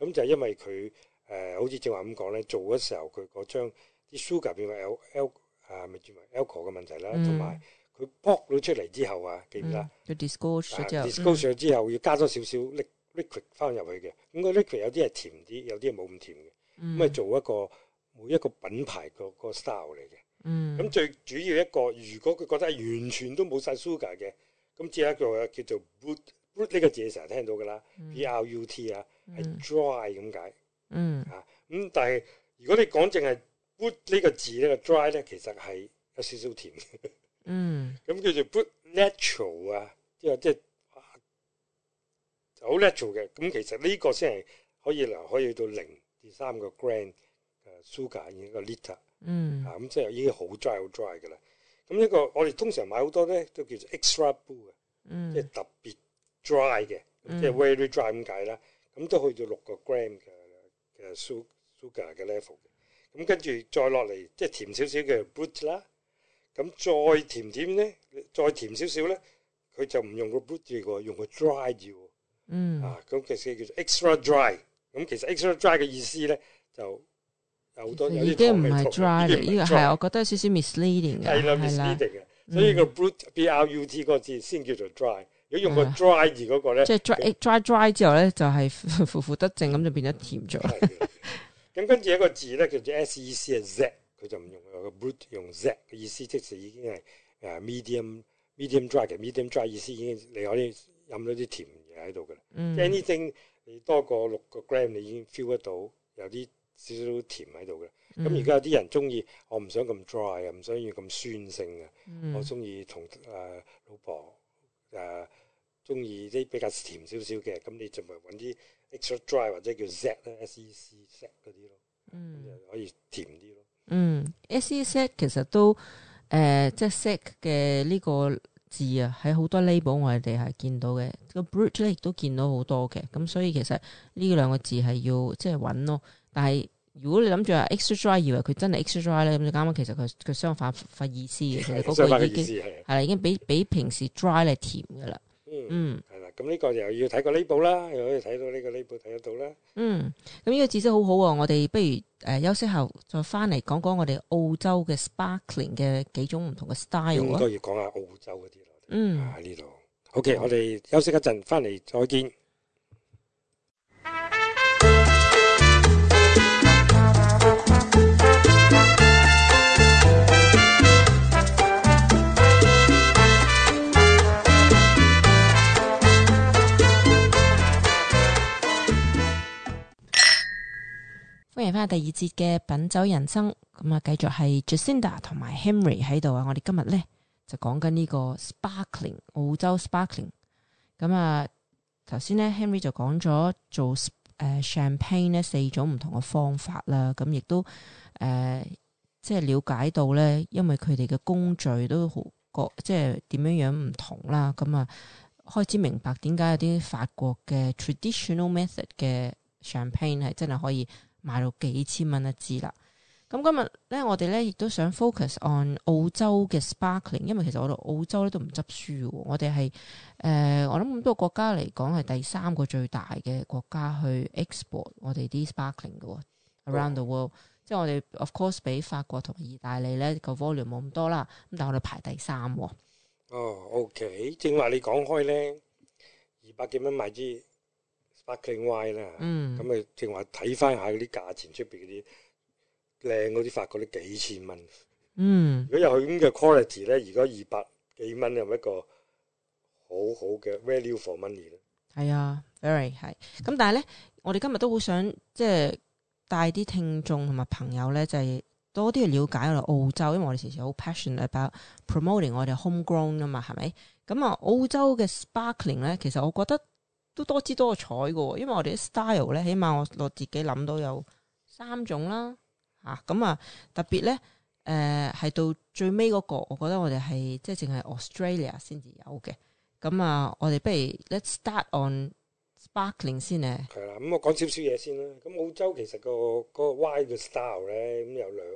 咁就係因為佢誒、呃，好似正話咁講咧，做嘅時候佢嗰將啲 sugar 變為 al al 啊，咪轉為 alcohol 嘅問題啦，同埋佢 pop 咗出嚟之後啊，記唔記得？佢 discuss 咗之後 dis、嗯、cus、啊、s 咗之後要加多少少 liquid 翻入去嘅。咁個 liquid 有啲係甜啲，有啲係冇咁甜嘅。咁係、嗯、做一個每一個品牌、個 style 嚟嘅。咁、嗯、最主要一個，如果佢覺得係完全都冇晒 sugar 嘅，咁即係一個叫做 brut 呢個字，成日聽到㗎啦，b r u t 啊。係 dry 咁解，嗯嚇咁。但係如果你講淨係 brut 呢個字，呢個 dry 咧，其實係有少少甜嘅，嗯 <laughs> 咁、mm. 叫做 brut natural 啊，即係即係好 natural 嘅。咁其實呢個先係可以留，可以到零至三個 gram 嘅、uh, sugar 已一個 liter，t 嗯啊咁即係已經好 dry 好 dry 嘅啦。咁一個我哋通常買好多咧都叫做 extra brut 嘅，即係特別 dry 嘅，即、就、係、是、very dry 咁解啦。Mm. <laughs> 咁都去到六個 gram 嘅嘅 sugar 嘅 level，咁跟住再落嚟即係甜少少嘅 brut 啦。咁再甜點咧，再甜少少咧，佢就唔用個 brut 嘅喎，用個 dry 嘅喎。嗯啊，咁其實叫做 extra dry。咁其實 extra dry 嘅意思咧，就有好多有啲概念錯。呢個係我覺得少少 misleading 嘅，係啦，misleading 嘅。所以個 brut b r u t 嗰字先叫做 dry。如果用個 dry 字嗰個咧，即係 dry dry dry 之後咧，就係負負得正，咁，就變咗甜咗。咁跟住一個字咧，叫做 sec z，佢就唔用個用 z 嘅意思，即係已經係誒 medium medium dry 嘅 medium dry 意思已經你可以飲到啲甜嘢喺度嘅啦。即係 anything 你多過六個 gram，你已經 feel 得到有啲少少甜喺度嘅。咁而家有啲人中意，我唔想咁 dry 啊，唔想要咁酸性啊，我中意同誒老婆誒。中意啲比較甜少少嘅，咁你就咪揾啲 extra dry 或者叫 set 咧，sec set 啲咯，嗯，就可以甜啲咯。嗯，sec 其實都誒、呃，即係 set 嘅呢個字啊，喺好、啊、多 label 我哋係見到嘅，個、嗯、bridge 咧亦都見到好多嘅，咁所以其實呢兩個字係要即係揾咯。但係如果你諗住話 extra dry 以為佢真係 extra dry 咧、嗯，咁就啱啱其實佢佢相反反，反意思嘅， <laughs> 思其實嗰個已經係啦，已經比比平時 dry 咧甜嘅啦。嗯，係啦、嗯，咁呢個又要睇個 label 啦，又可以睇到呢個 label 睇得到啦。嗯，咁呢個知識好好、啊、喎，我哋不如誒、呃、休息後再翻嚟講講我哋澳洲嘅 sparkling 嘅幾種唔同嘅 style、嗯、啊。應該要講下澳洲嗰啲咯。嗯，喺呢度。OK，好我哋休息一陣，翻嚟再見。歡迎翻第二節嘅品酒人生，咁啊，繼、嗯、續係 Jacinda 同埋 Henry 喺度啊！我哋今日咧就講緊呢個 sparkling 澳洲 sparkling，咁啊，頭先咧 Henry 就講咗做誒、uh, champagne 呢四種唔同嘅方法啦，咁、嗯、亦都誒、呃、即係了解到咧，因為佢哋嘅工序都好各即係點樣樣唔同啦，咁、嗯、啊開始明白點解有啲法國嘅 traditional method 嘅 champagne 係真係可以。賣到幾千蚊一支啦，咁、嗯、今日咧我哋咧亦都想 focus on 澳洲嘅 sparkling，因為其實我哋澳洲咧都唔執輸，我哋係誒我諗咁多個國家嚟講係第三個最大嘅國家去 export 我哋啲 sparkling 嘅 around the world，oh. 即係我哋 of course 比法國同意大利咧，那個 volume 冇咁多啦，咁但係我哋排第三。哦，oh，OK，正話你講開咧，二百幾蚊買支。sparkling wine 啦，嗯，咁啊正話睇翻下嗰啲價錢出邊嗰啲靚嗰啲法國啲幾千蚊，嗯如，如果有咁嘅 quality 咧，如果二百幾蚊有冇一個好好嘅 value for money 咧？係啊，very 係。咁但係咧，我哋今日都好想即係帶啲聽眾同埋朋友咧，就係、係、多啲去了解我哋澳洲，因為我哋時時好 passionate about promoting 我哋 homegrown 啊嘛，係咪？咁啊，澳洲嘅 sparkling 咧，其實我覺得，都多姿多彩嘅，因為我哋啲 style 咧，起碼我我自己諗到有三種啦，吓、啊、咁啊，特別咧，誒、呃、係到最尾嗰、那個，我覺得我哋係即係淨係 Australia 先至有嘅，咁啊，我哋不如 Let's start on sparkling 先咧。係啦，咁、嗯、我講少少嘢先啦。咁、嗯、澳洲其實、那個、那個 wine 嘅 style 咧，咁有兩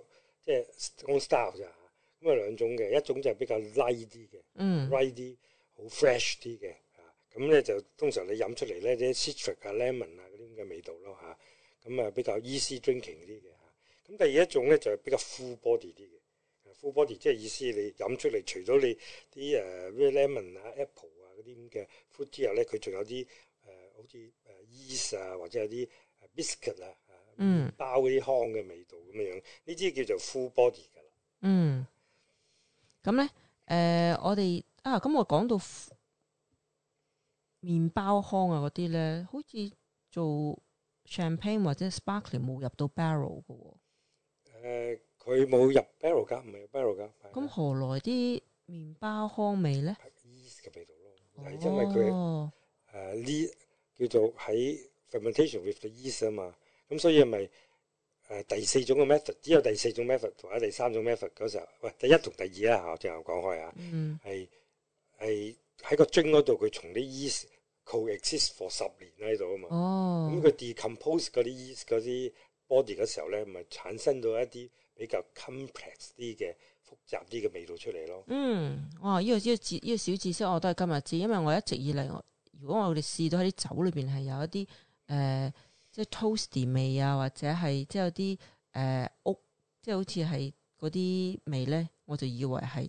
即係 one style 咋，咁啊兩種嘅，一種就係比較 light 啲嘅，嗯，light 啲好 fresh 啲嘅。咁咧就通常你飲出嚟咧啲 citric 啊、lemon 啊嗰啲咁嘅味道咯嚇，咁啊比較 easy drinking 啲嘅嚇。咁第二一種咧就係比較 full body 啲嘅，full body 即係意思你飲出嚟除咗你啲誒 real lemon 啊、apple 啊嗰啲咁嘅 food 之後咧，佢仲有啲誒好似誒 yeast 啊，或者有啲 biscuit 啊嚇，包嗰啲糠嘅味道咁樣樣，呢啲叫做 full body 噶啦。嗯。咁咧誒，我哋啊，咁我講到。麵包糠啊嗰啲咧，好似做 champagne 或者 sparkling 冇入到 barrel 嘅喎、哦。佢冇、呃、入 barrel 㗎，唔係 barrel 㗎。咁、嗯、的何來啲麵包糠味咧 yeast 嘅味道咯，係、哦、因為佢誒呢叫做喺 fermentation with the yeast 啊嘛。咁所以咪誒、呃、第四種嘅 method，只有第四種 method 同埋第三種 method 嗰時候，喂、呃，第一同第二啦嚇，啊、我正話講開啊，係係喺個樽嗰度佢從啲 yeast Co exist for 十年喺度啊嘛，哦，咁佢 decompose 嗰啲嗰啲 body 嘅時候咧，咪產生咗一啲比較 complex 啲嘅複雜啲嘅味道出嚟咯。嗯、這個，哇！呢個依個智依個小知識我都係今日知，因為我一直以嚟，如果我哋試到喺啲酒裏邊係有一啲誒、呃，即係 toasty 味啊，或者係即係有啲誒屋，即係、呃、好似係嗰啲味咧，我就以為係。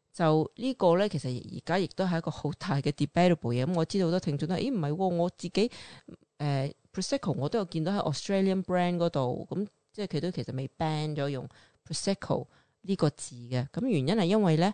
就個呢個咧，其實而家亦都係一個好大嘅 debatable 嘢。咁、嗯、我知道好多聽眾都係，咦？唔係喎，我自己誒、呃、Prosecco 我都有見到喺 Australian brand 嗰度咁，即係佢都其實未 ban 咗用 Prosecco 呢個字嘅。咁、嗯、原因係因為咧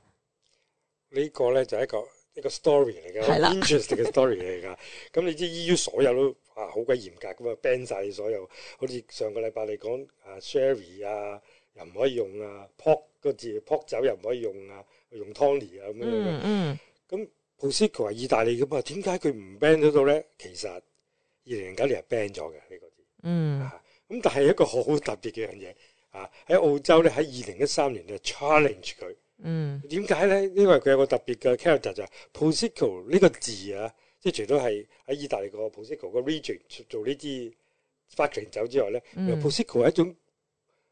呢個咧就係、一個一個 story 嚟㗎，interesting 嘅 story 嚟㗎。咁 <laughs> 你知 EU 所有都哇好鬼嚴格咁啊，ban 晒你所有好似上個禮拜你講啊，Sherry 啊，啊又唔可以用啊，撲個字撲酒又唔可以用啊。用 Tony 啊咁樣嘅，咁、嗯嗯、Prosecco 係意大利咁啊，點解佢唔 ban 得到咧？其實二零零九年係 ban 咗嘅呢個字。嗯，咁、啊、但係一個好特別嘅樣嘢啊！喺澳洲咧，喺二零一三年咧 challenge 佢。嗯，點解咧？因為佢有個特別嘅 character 就係 Prosecco 呢個字啊，即係除咗係喺意大利個 Prosecco 個 region 做呢啲 sparkling 酒之外咧、嗯、Prosecco 係一種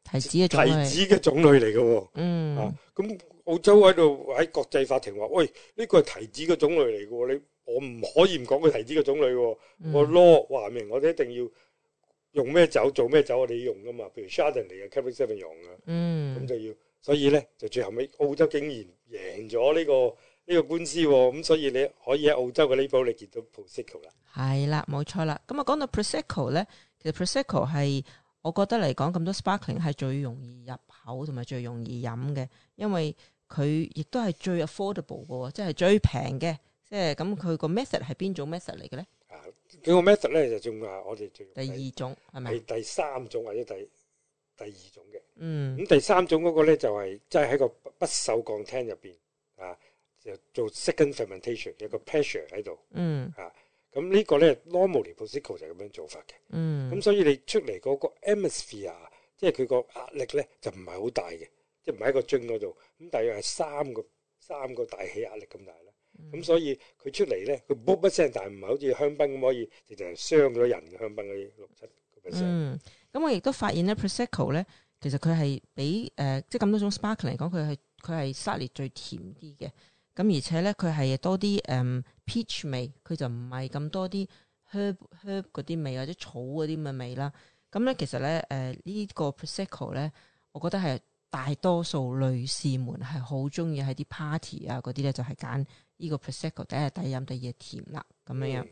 提子嘅種類嚟嘅喎。嗯，啊、嗯、咁。嗯澳洲喺度喺國際法庭話，喂，呢個係提子嘅種類嚟嘅喎，你我唔可以唔講佢提子嘅種類喎、啊。個、嗯、law 話明我哋一定要用咩酒做咩酒，酒我哋要用噶嘛？譬如 Chardonnay 啊、Cabernet Sauvignon 咁就要。所以咧，就最後尾澳洲竟然贏咗呢、呢個呢、呢個官司、啊，咁所以你可以喺澳洲嘅 label 嚟見到 Prosecco 啦。係啦，冇錯啦。咁啊，講到 Prosecco 咧，其實 Prosecco 係我覺得嚟講咁多 sparkling 係最容易入口同埋最容易飲嘅，因為佢亦都係最 affordable 嘅喎，即係最平嘅。即係咁，佢、啊這個 method 係邊種 method 嚟嘅咧？啊，佢個 method 咧就仲啊，我哋仲第二種係咪？係第三種或者第第二種嘅。嗯，嗯。咁第三種嗰個咧就係即係喺個不不鏽鋼廳入邊啊，就做 second fermentation 有一個 pressure 喺度。嗯。啊，咁呢個咧 normally possible 就係咁樣做法嘅。嗯，嗯。咁所以你出嚟嗰個 atmosphere，即係佢個壓力咧就唔係好大嘅。即係唔喺一個樽嗰度，咁大約係三個三個大氣壓力咁大啦。咁、嗯、所以佢出嚟咧，佢啵啵聲，但係唔係好似香檳咁可以，直情係傷咗人嘅香檳嗰啲六七個 percent。嗯，咁、嗯、我亦都發現咧，Prosecco 咧，其實佢係比誒、呃、即係咁多種 sparkling 嚟講，佢係佢係 salty 最甜啲嘅。咁、嗯、而且咧，佢係多啲誒、嗯、peach 味，佢就唔係咁多啲 herb herb 嗰啲味或者草嗰啲咁嘅味啦。咁、嗯、咧、嗯、其實咧誒呢、呃呢個 Prosecco 咧，我覺得係。大多數女士們係好中意喺啲 party 啊嗰啲咧，就係揀呢個 prosecco，第一係低飲，第二係甜啦咁樣樣。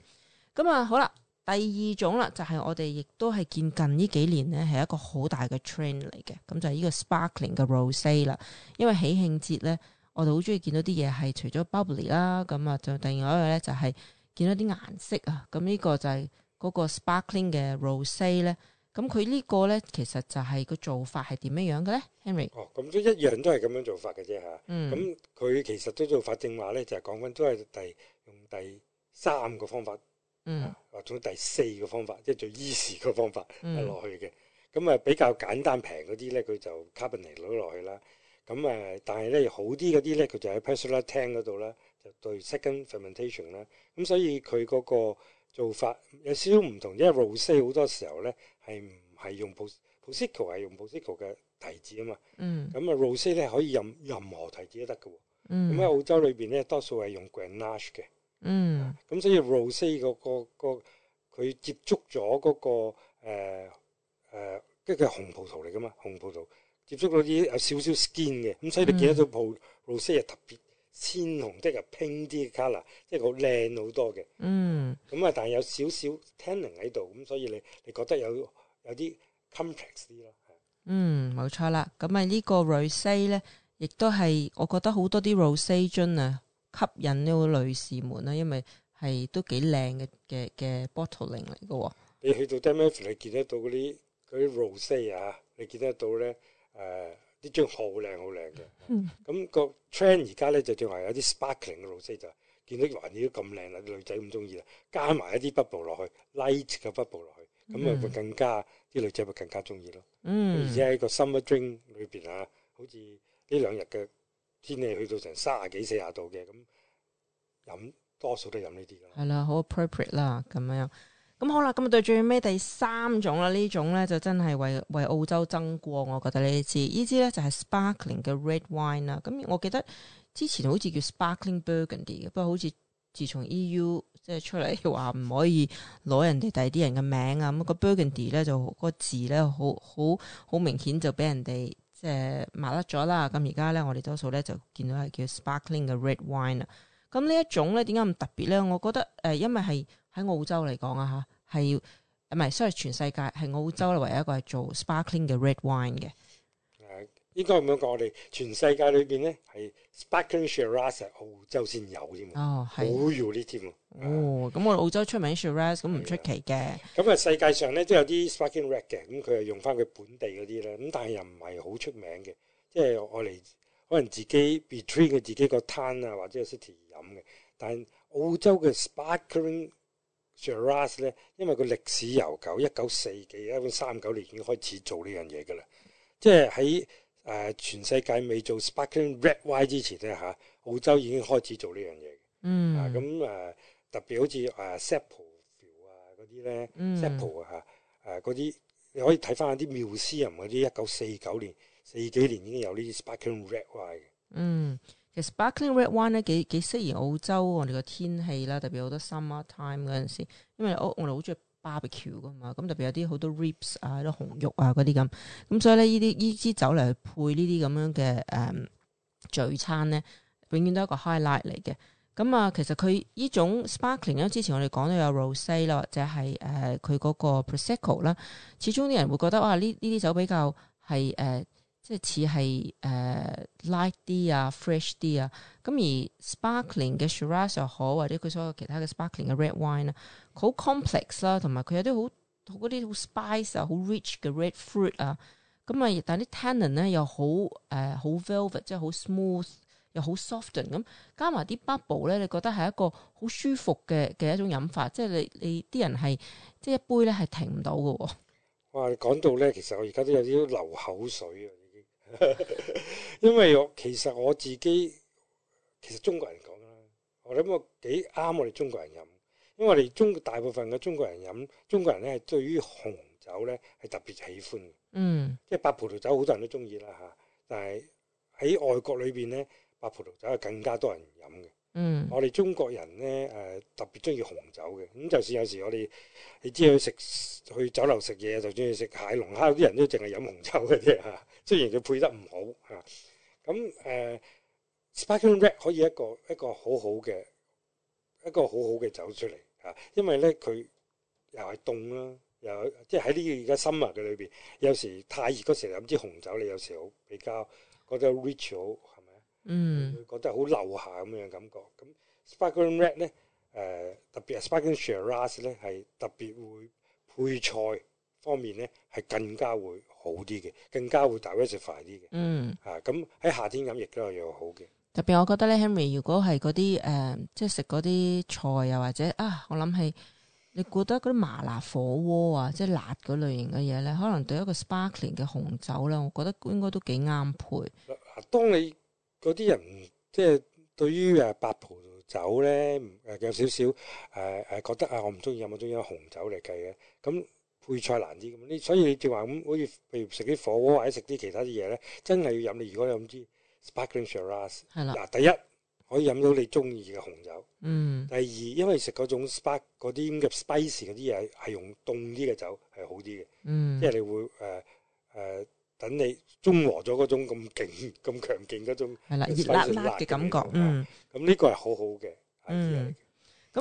咁啊、嗯、好啦，第二種啦，就係、是、我哋亦都係見近呢幾年咧，係一個好大嘅 trend 嚟嘅。咁就係呢個 sparkling 嘅 rose 啦，因為喜慶節咧，我哋好中意見到啲嘢係除咗 bubbly 啦、啊，咁、嗯、啊就另外一個咧就係見到啲顏色啊。咁呢個就係嗰個 sparkling 嘅 rose 咧。咁佢呢個咧，其實就係個做法係點樣樣嘅咧，Henry。哦，咁都一樣都係咁樣做法嘅啫吓，嗯。咁佢其實都做法正話咧，就係、是、講緊都係第用第三個方法，嗯、啊，或種第四個方法，即係最 easy 嗰個方法落去嘅。咁啊、嗯、比較簡單平嗰啲咧，佢就 carbonated 落去啦。咁誒，但係咧好啲嗰啲咧，佢就喺 pressure tank 嗰度啦，就對 second fermentation 啦。咁所以佢嗰、那個。做法有少少唔同，因為 rose 好多時候咧係唔係用 Pro、Prosecco 係用 Prosecco 嘅提子啊嘛。嗯，嗯，咁啊 rose 咧可以任任何提子都得嘅喎。咁喺、嗯嗯、澳洲裏邊咧多數係用 Grenache 嘅。嗯，咁所以 rose 嗰、那個、那個佢、那個、接觸咗嗰、那個誒誒，即係佢係紅葡萄嚟㗎嘛，紅葡萄接觸到啲有少少 skin 嘅，咁、嗯、所以你見得到 rose 係特別。嗯嗯鮮紅即係拼啲 color 即係好靚好多嘅。嗯，咁啊，但係有少少 tannin 喺度，咁所以你你覺得有有啲 complex 啲咯。嗯，冇錯啦。咁啊，呢個 rose 咧，亦都係我覺得好多啲 rose 樽啊，吸引呢個女士們啦、啊，因為係都幾靚嘅嘅嘅 bottling 嚟㗎喎。啊、你去到 Damavand，你見得到嗰啲啲 rose 啊，你見得到咧誒？呃啲樽好靚好靚嘅，咁、 <music> 那個 trend 而家咧就變為有啲 sparkling 嘅老師就見到環境都咁靚啦，啲女仔咁中意啦，加埋一啲 bubble 落去，light 嘅 bubble 落去，咁啊會更加啲、嗯、女仔會更加中意咯。嗯，而且喺個 summer drink 裏邊啊，好似呢兩日嘅天氣去到成三十幾四十度嘅，咁、嗯、飲多數都飲呢啲咯。係啦，好 appropriate 啦，咁樣。 <music> <music> 咁、嗯、好啦，咁啊到最尾第三種啦，種呢種咧就真係為為澳洲爭光，我覺得一呢一支，呢支咧就係、是、sparkling 嘅 red wine 啦。咁我記得之前好似叫 sparkling burgundy 嘅，不過好似自從 EU 即係出嚟話唔可以攞人哋第二啲人嘅名啊，咁、那個 burgundy 咧就、那個字咧好好好明顯就俾人哋即係抹甩咗啦。咁而家咧我哋多數咧就見到係叫 sparkling 嘅 red wine 啦。咁呢一種咧點解咁特別咧？我覺得誒、呃，因為係。喺澳洲嚟講啊嚇，係唔係？所以全世界係澳洲咧，唯一一個係做 sparkling 嘅 red wine 嘅。誒，應該咁樣講，我哋全世界裏邊咧係 sparkling Shiraz 喺澳洲先有添，哦，好呢啲添哦，咁我哋澳洲出名 Shiraz，咁唔出奇嘅。咁啊、嗯，世界上咧都有啲 sparkling red 嘅，咁佢又用翻佢本地嗰啲咧，咁但係又唔係好出名嘅，即係我哋可能自己 between 佢自己個攤啊，或者個 city 飲嘅。但係澳洲嘅 sparkling Geras 咧，eras, 因為佢歷史悠久，一九四幾一九三九年已經開始做呢樣嘢嘅啦。即係喺誒全世界未做 Sparkling Red Wine 之前咧，嚇、啊、澳洲已經開始做呢樣嘢嘅。嗯，咁誒、啊、特別好似、啊啊、Seppelt 啊嗰啲咧 Seppelt 啊嚇誒嗰啲你可以睇翻啲 Museum 嗰啲一九四九年四幾年已經有呢啲 Sparkling Red Wine 嗯，其實 Sparkling Red Wine 咧，幾幾適宜澳洲我哋個天氣啦，特別好多 summer time 嗰陣時，因為我我哋好中意 barbecue 噶嘛，咁特別有啲好多 ribs 啊，啲紅肉啊嗰啲咁，咁所以咧呢啲、嗯、呢支酒嚟配呢啲咁樣嘅誒聚餐咧，永遠都係一個 highlight 嚟嘅。咁、嗯、啊，其實佢呢種 sparkling，因為之前我哋講到有 rose 啦，或者係誒佢嗰個 prosecco 啦，始終啲人會覺得哇，呢呢啲酒比較係誒。呃即係似係誒 light 啲啊，fresh 啲啊，咁、啊、而 sparkling 嘅 shiraz 又好，或者佢所有其他嘅 sparkling 嘅 red wine 啊，佢好 complex 啦，同埋佢有啲好啲好 spice 啊，好 rich 嘅 red fruit 啊，咁、嗯、啊，但啲 tannin 咧又好誒好 velvet，即係好 smooth，又好 soften，咁加埋啲 bubble 咧，你覺得係一個好舒服嘅嘅一種飲法，即係你你啲人係即係一杯咧係停唔到㗎。哇，你講到咧，其實我而家都有啲流口水啊！ <laughs> 因為我其實我自己，其實中國人講啦，我諗我幾啱我哋中國人飲，因為我哋中大部分嘅中國人飲中國人咧係對於紅酒咧係特別喜歡嘅。嗯，即係白葡萄酒好多人都中意啦吓，但係喺外國裏邊咧白葡萄酒係更加多人飲嘅。嗯，我哋中國人咧誒、呃、特別中意紅酒嘅，咁就算有時我哋你知去食去酒樓食嘢就中意食蟹龍蝦，啲人都淨係飲紅酒嘅啫吓。呵呵雖然佢配得唔好嚇，咁、啊、誒、呃、sparkling red 可以一個一個好好嘅一個好好嘅酒出嚟嚇、啊，因為咧佢又係凍啦，又即喺呢個而家夏天嘅裏邊，有時太熱嗰時飲支紅酒，你有時好比較覺得 rich 好，係咪？嗯，覺得好流下咁樣感覺。咁 sparkling red 咧誒、呃，特別 sparkling shiraz 咧係特別會配菜。方面咧係更加會好啲嘅，更加會 diversify 啲嘅。嗯，嚇咁喺夏天咁亦都係又好嘅。特別我覺得咧，Henry 如果係嗰啲誒，即係食嗰啲菜又、啊、或者啊，我諗係你覺得嗰啲麻辣火鍋啊，即係辣嗰類型嘅嘢咧，可能對一個 sparkling 嘅紅酒咧，我覺得應該都幾啱配。嗱，當你嗰啲人即係對於誒白葡萄酒咧，誒、呃、有少少誒誒、呃呃、覺得啊、呃，我唔中意飲，我中意飲紅酒嚟計嘅咁。嗯嗯配菜難啲咁，你所以你正話咁，好似譬如食啲火鍋或者食啲其他啲嘢咧，真係要飲。你如果有唔知 sparkling shiraz，係啦。嗱，是的 第一可以飲到你中意嘅紅酒，嗯。第二，因為食嗰種 spark 嗰啲咁嘅 spice 嗰啲嘢係用凍啲嘅酒係好啲嘅，嗯。即係你會誒誒、呃呃、等你中和咗嗰種咁勁咁強勁嗰種係啦，熱辣辣嘅感覺，嗯。咁呢個係好好嘅，嗯。咁、啊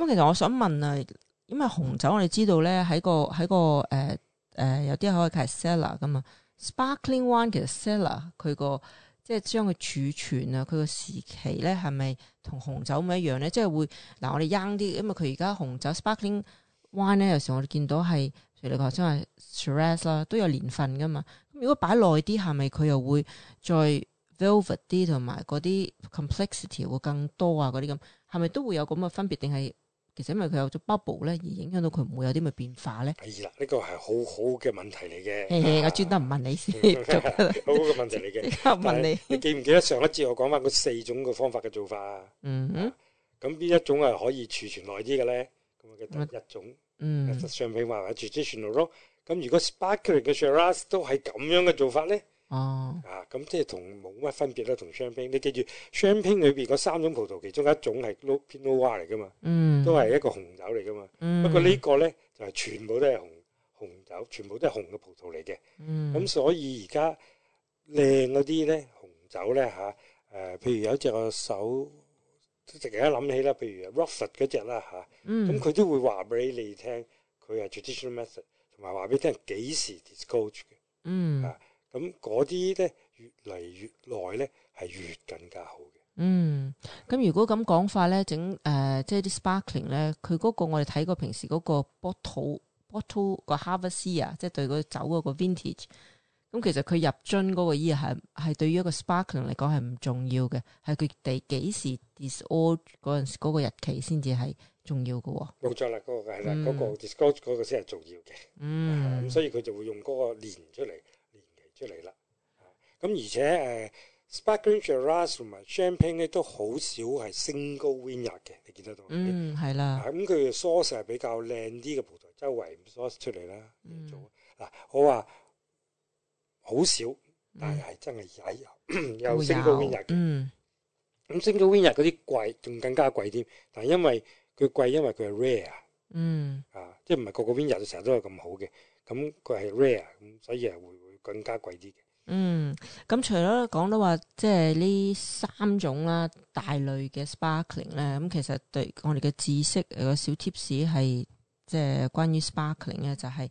嗯、其實我想問啊。因為紅酒我哋知道咧喺個喺個誒誒、呃呃、有啲可以睇 seller 噶嘛，sparkling wine 其實 seller 佢個即係將佢儲存啊，佢個時期咧係咪同紅酒咪一樣咧？即係會嗱、呃、我哋 young 啲，因為佢而家紅酒 sparkling wine 咧有時我哋見到係你頭先話 chardonnay 啦，都有年份噶嘛。咁如果擺耐啲，係咪佢又會再 velvet 啲同埋嗰啲 complexity 會更多啊？嗰啲咁係咪都會有咁嘅分別定係？其實因為佢有咗 bubble 咧，而影響到佢唔會有啲咩變化咧？係啦，呢個係好好嘅問題嚟嘅。我專登唔問你先，好好嘅問題嚟嘅。問你，你記唔記得上一節我講翻嗰四種嘅方法嘅做法，嗯、哼啊？嗯嗯。咁邊一種係可以儲存耐啲嘅咧？咁啊，得一種。嗯。商品話係絕對存耐咯。如果 Sparkling 嘅 Shiraz 都係咁樣嘅做法咧？哦，oh. 啊，咁、嗯嗯嗯、即係同冇乜分別啦。同香檳，你記住香檳裏邊嗰三種葡萄，其中一種係 Pinot Noir 嚟噶嘛，嗯，都係一個紅酒嚟噶嘛。嗯、不過個呢個咧就係全部都係紅紅酒，全部都係紅嘅葡萄嚟嘅。嗯，咁、嗯、所以而家靚嗰啲咧紅酒咧嚇誒，譬如有隻手，突然間諗起啦，譬如 Robert 嗰隻啦嚇，咁、啊、佢、啊嗯嗯嗯、都會話俾你聽，佢係 traditional method，同埋話俾你聽幾時 disgorge 嘅、這個，嗯啊。咁嗰啲咧越嚟越耐咧，係越更加好嘅、嗯呃嗯。嗯，咁如果咁講法咧，整誒即係啲 sparkling 咧，佢嗰個我哋睇過平時嗰個 bottle bottle 個 harvest year，即係對個酒嗰個 vintage。咁其實佢入樽嗰個 year 係對於一個 sparkling 嚟講係唔重要嘅，係佢哋幾時 discharge 嗰陣嗰個日期先至係重要嘅、哦。六樽啦，個係啦，嗰個 discharge 嗰個先係重要嘅。嗯，咁、嗯嗯、所以佢就會用嗰個年出嚟。出嚟啦，咁而且誒 sparkling rose 同埋 champagne 咧都好少係 single vintage 嘅，你見得到？嗯，係啦。咁佢嘅 source 係比較靚啲嘅葡萄，周圍 source 出嚟啦，嚟做。嗱，我話好少，但係真係有有 single vintage 嘅。嗯，咁 single vintage 嗰啲貴，仲更加貴添。但係因為佢貴，因為佢係 rare。嗯。啊，即係唔係個個 vintage 成日都係咁好嘅？咁佢係 rare，所以係會。更加貴啲嘅。嗯，咁除咗講到話，即係呢三種啦，大類嘅 sparkling 咧，咁其實對我哋嘅知識有個小 tips 係，即係關於 sparkling 咧，就係、是、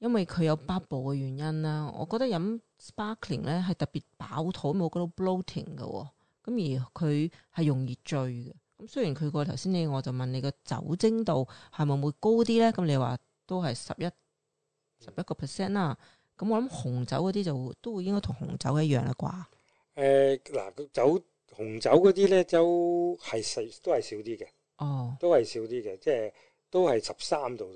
因為佢有 bubble 嘅原因啦。我覺得飲 sparkling 咧係特別飽肚，冇嗰種 bloating 嘅喎、哦。咁而佢係容易醉嘅。咁雖然佢、那個頭先你我就問你個酒精度係咪會高啲咧？咁你話都係十一十一個 percent 啦。啦嗯咁我諗紅酒嗰啲就都會應該同紅酒一樣啦啩？誒，嗱，酒紅酒嗰啲咧就係少，都係少啲嘅。哦，都係少啲嘅，即係都係十三度、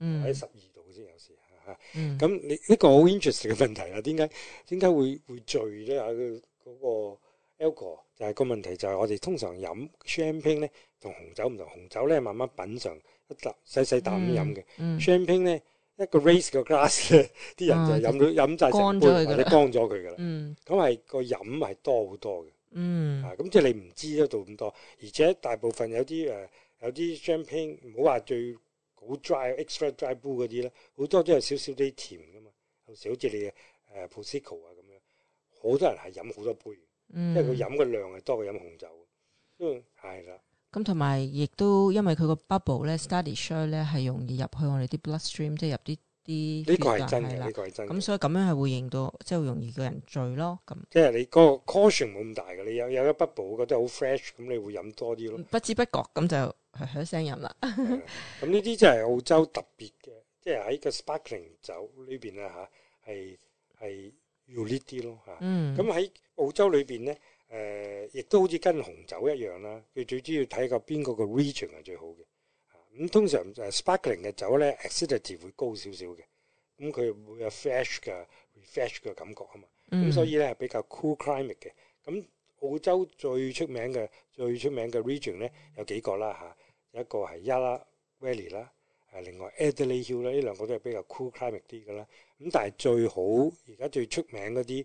嗯、度嘅啫，喺十二度先有時吓。咁你呢個好 interesting 嘅問題啊？點解點解會會醉咧？啊，嗰個 alcohol 就係個問題，那個、ko, 就係、是、我哋通常飲 champagne 咧，同紅酒唔同，紅酒咧慢慢品嘗，一啖細細啖咁飲嘅，champagne 咧。嗯嗯 ch 一個 raise 個 glass 嘅，啲人就飲咗飲曬成杯或者乾咗佢㗎啦。嗯，咁係個飲係多好多嘅。嗯，啊咁即係你唔知得到咁多，而且大部分有啲誒有啲 champagne，唔好話最好 dry、extra dry 杯嗰啲咧，好多都係少少啲甜㗎嘛。好似好似你誒 prosecco 啊咁樣，好多人係飲好多杯，因為佢飲嘅量係多過飲紅酒，所以係啦。咁同埋，嗯、亦都因為佢個 bubble 咧，study、嗯、show 咧係容易入去我哋啲 bloodstream，即係入啲啲血液啦。係啦，咁的、嗯、所以咁樣係會認到，即係會容易個人醉咯。咁即係你個 caution 冇咁大嘅，你有有咗 bubble 覺得好 fresh，咁你會飲多啲咯。不知不覺咁就呵呵呵喝聲飲啦。咁呢啲即係澳洲特別嘅，即係喺個 sparkling 酒呢邊啊吓，係係要呢啲咯嚇。啊、嗯。咁喺澳洲裏邊咧。誒，亦、呃、都好似跟紅酒一樣啦。佢最主要睇個邊個個 region 係最好嘅。咁、啊、通常誒、呃、sparkling 嘅酒咧，acidity 會高少少嘅。咁、啊、佢會有 fresh 嘅 refresh 嘅感覺啊嘛。咁、嗯、所以咧係比較 cool climate 嘅。咁、啊、澳洲最出名嘅最出名嘅 region 咧有幾個啦吓，有、啊、一個係 Yarra Valley 啦，係、啊、另外 Adelaide Hills 啦，呢兩個都係比較 cool climate 啲嘅啦。咁、啊、但係最好而家最出名嗰啲。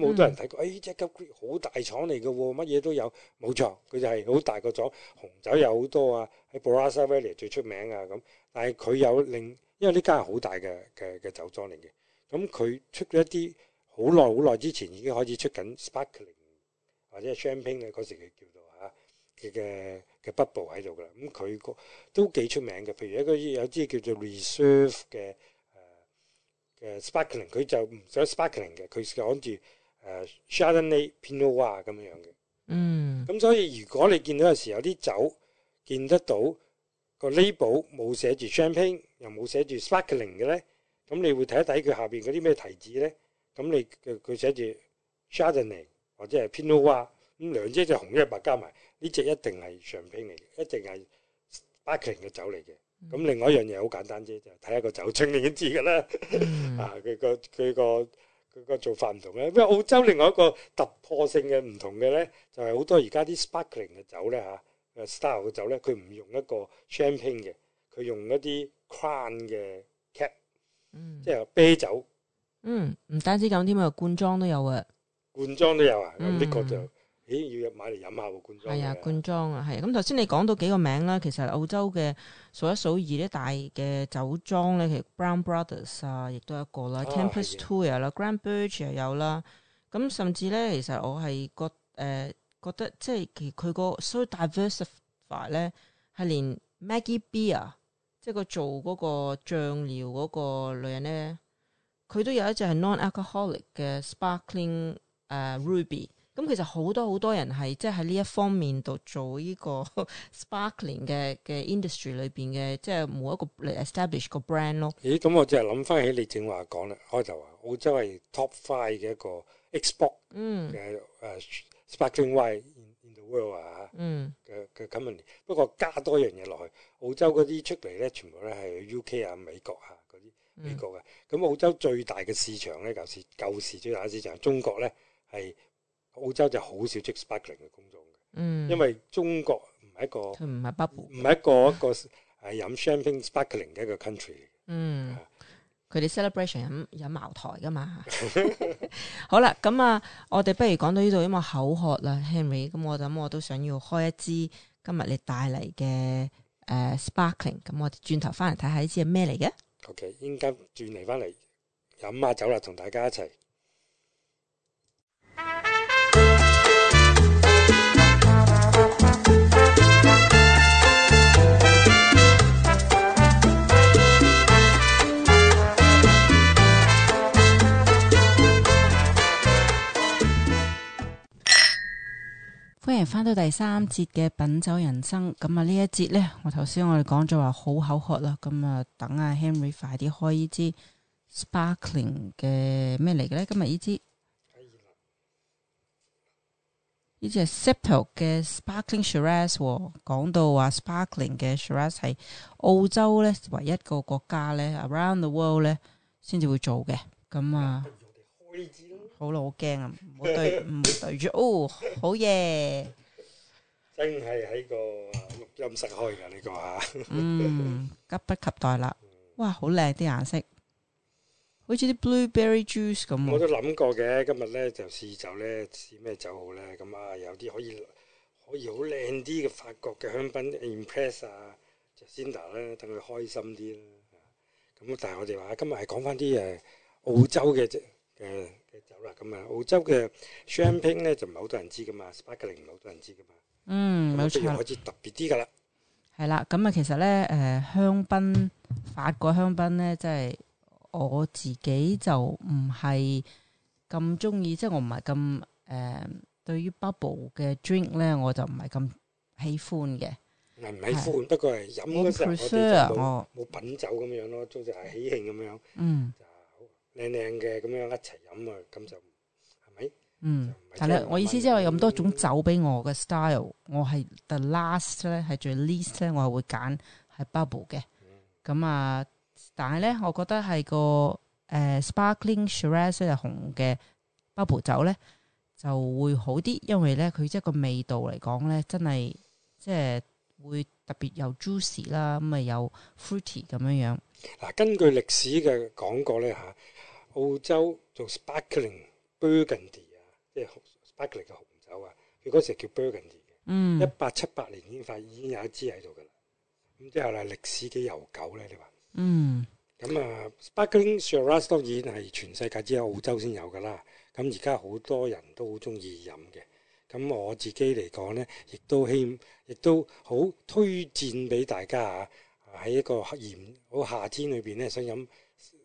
好、嗯、多人睇過，誒、哎，呢隻級好大廠嚟嘅喎，乜嘢都有。冇錯，佢就係好大個廠，紅酒有好多啊，喺 Barossa Valley 最出名啊。咁，但係佢有另，因為呢間係好大嘅嘅嘅酒莊嚟嘅。咁、嗯、佢出咗一啲好耐好耐之前已經開始出緊 sparkling 或者 champagne 嗰、啊、時佢叫做嚇佢嘅嘅 bubble 喺度啦。咁佢、嗯、個都幾出名嘅，譬如一個有啲叫做 reserve 嘅誒嘅 sparkling，佢就唔想 sparkling 嘅，佢講住。誒 Chardonnay、Pinot Noir 咁樣嘅，嗯，嗯，咁所以如果你見到時候有時有啲酒見得到，個 label 冇寫住 Champagne 又冇寫住 Sparkling 嘅咧，咁你會睇一睇佢下邊嗰啲咩提子咧，咁你佢佢寫住 Chardonnay 或者係 Pinot Noir，咁兩隻就紅一白加埋，呢隻一定係 Champagne 嚟，一定係 Sparkling 嘅酒嚟嘅，咁另外一樣嘢好簡單啫，就睇下個酒樽你已經知㗎啦， <laughs> 啊佢個佢個。佢個做法唔同咧，因為澳洲另外一個突破性嘅唔同嘅咧，就係、是、好多而家啲 sparkling 嘅酒咧吓，誒 style 嘅酒咧，佢唔用一個 champagne 嘅，佢用一啲 crown 嘅 cap，嗯，即係啤酒。嗯，唔單止咁添啊，罐裝都有啊，罐裝都有啊，咁呢個就。嗯咦、哎，要入買嚟飲下喎，罐裝啊！係啊，罐裝啊，係、哎。咁頭先你講到幾個名啦，其實澳洲嘅數一數二啲大嘅酒莊咧，其實 Brown Brothers 啊，亦都有一個啦 Tempest Tour 啦，Grand Burge 又有啦。咁、嗯、甚至咧，其實我係覺誒、呃、覺得，即係佢個 so diversified 咧，係連 Maggie Beer，即係個做嗰個醬料嗰個女人咧，佢都有一隻係 non-alcoholic 嘅 sparkling 誒、呃、Ruby。咁、嗯、其實好多好多人係即係喺呢一方面度做呢、這個 sparkling 嘅嘅 industry 裏邊嘅，即係冇一個 establish 個 brand 咯。咦？咁我就係諗翻起你正話講啦，開頭話澳洲係 top five 嘅一個 export 嘅誒 sparkling wine in the world 啊嗯。嘅嘅今不過加多樣嘢落去，澳洲嗰啲出嚟咧，全部咧係 U K 啊、美國啊嗰啲美國嘅、啊。咁澳洲最大嘅市場咧，舊時舊時最大嘅市場，中國咧係。澳洲就好少啜 sparkling 嘅工種，嗯，因為中國唔係一個，佢唔係 bubble，唔係一個、啊、一個係飲、啊、champagne sparkling 嘅一個 country。嗯，佢哋、啊、celebration 飲飲茅台噶嘛。 <laughs> <laughs> 好啦，咁啊，我哋不如講到呢度，因為口渴啦，Henry，咁我咁我都想要開一支今日你帶嚟嘅誒、呃、sparkling，咁我哋轉頭翻嚟睇下呢支係咩嚟嘅。OK，應該轉嚟翻嚟飲下酒啦，同大家一齊。 <music> 歡迎翻到第三節嘅品酒人生，咁啊呢一節呢，我頭先我哋講咗話好口渴啦，咁啊等阿 Henry 快啲開呢支 sparkling 嘅咩嚟嘅呢？今日呢支呢支只 Separ、哎、呀嘅 sparkling sheraz、哦、講到話 sparkling 嘅 s h i r a z 係澳洲呢唯一一個國家呢 a r o u n d the world 呢先至會做嘅，咁啊。哎好咯，好驚啊！唔好對唔好 <laughs> 對住哦，好嘢！真係喺個錄音室開噶呢個吓，嗯，急 <laughs> 不及待啦！哇，好靚啲顏色，好似啲 blueberry juice 咁。我都諗過嘅，今日咧就試酒咧，試咩酒好咧？咁啊，有啲可以可以好靚啲嘅法國嘅香檳 impress 啊，Jacinda 啦，等佢開心啲啦。咁但係我哋話今日係講翻啲誒澳洲嘅啫，誒。走啦咁啊！澳洲嘅香檳咧就唔係好多人知噶嘛，Sparkling 唔係好多人知噶嘛。嗯，冇錯、嗯。我啲特別啲噶啦。係啦，咁啊，其實咧，誒、呃，香檳法國香檳咧，即、就、係、是、我自己就唔係咁中意，即、就、係、是、我唔係咁誒，對於 bubble 嘅 drink 咧，我就唔係咁喜歡嘅。唔係唔喜歡，的不過係飲我冇、哦、品酒咁樣咯，總之係喜慶咁樣。嗯。靚靚嘅咁樣一齊飲啊，咁就係咪？嗯，係啦。我意思即係有咁多種酒俾我嘅 style，嗯，我係 the last 咧，係最 least 咧，我係會揀係 bubble 嘅。咁啊，但係咧，我覺得係個誒 sparkling shiraz 啊，呃、isse, 紅嘅 bubble 酒咧就會好啲，因為咧佢即係個味道嚟講咧，真係即係會特別有 juicy 啦，咁啊有 fruity 咁樣樣。嗱，根據歷史嘅講過咧吓。啊澳洲做 sparkling burgundy 啊，即係 sparkling 嘅紅酒啊，佢嗰時叫 burgundy 嘅，一、mm. 八七八年已經發現已經有一支喺度㗎啦。咁之後咧歷史幾悠久咧，你話？嗯、mm.。咁啊，sparkling shiraz 當然係全世界只有澳洲先有㗎啦。咁而家好多人都好中意飲嘅。咁我自己嚟講咧，亦都希，亦都好推薦俾大家啊！喺一個炎好夏天裏邊咧，想飲。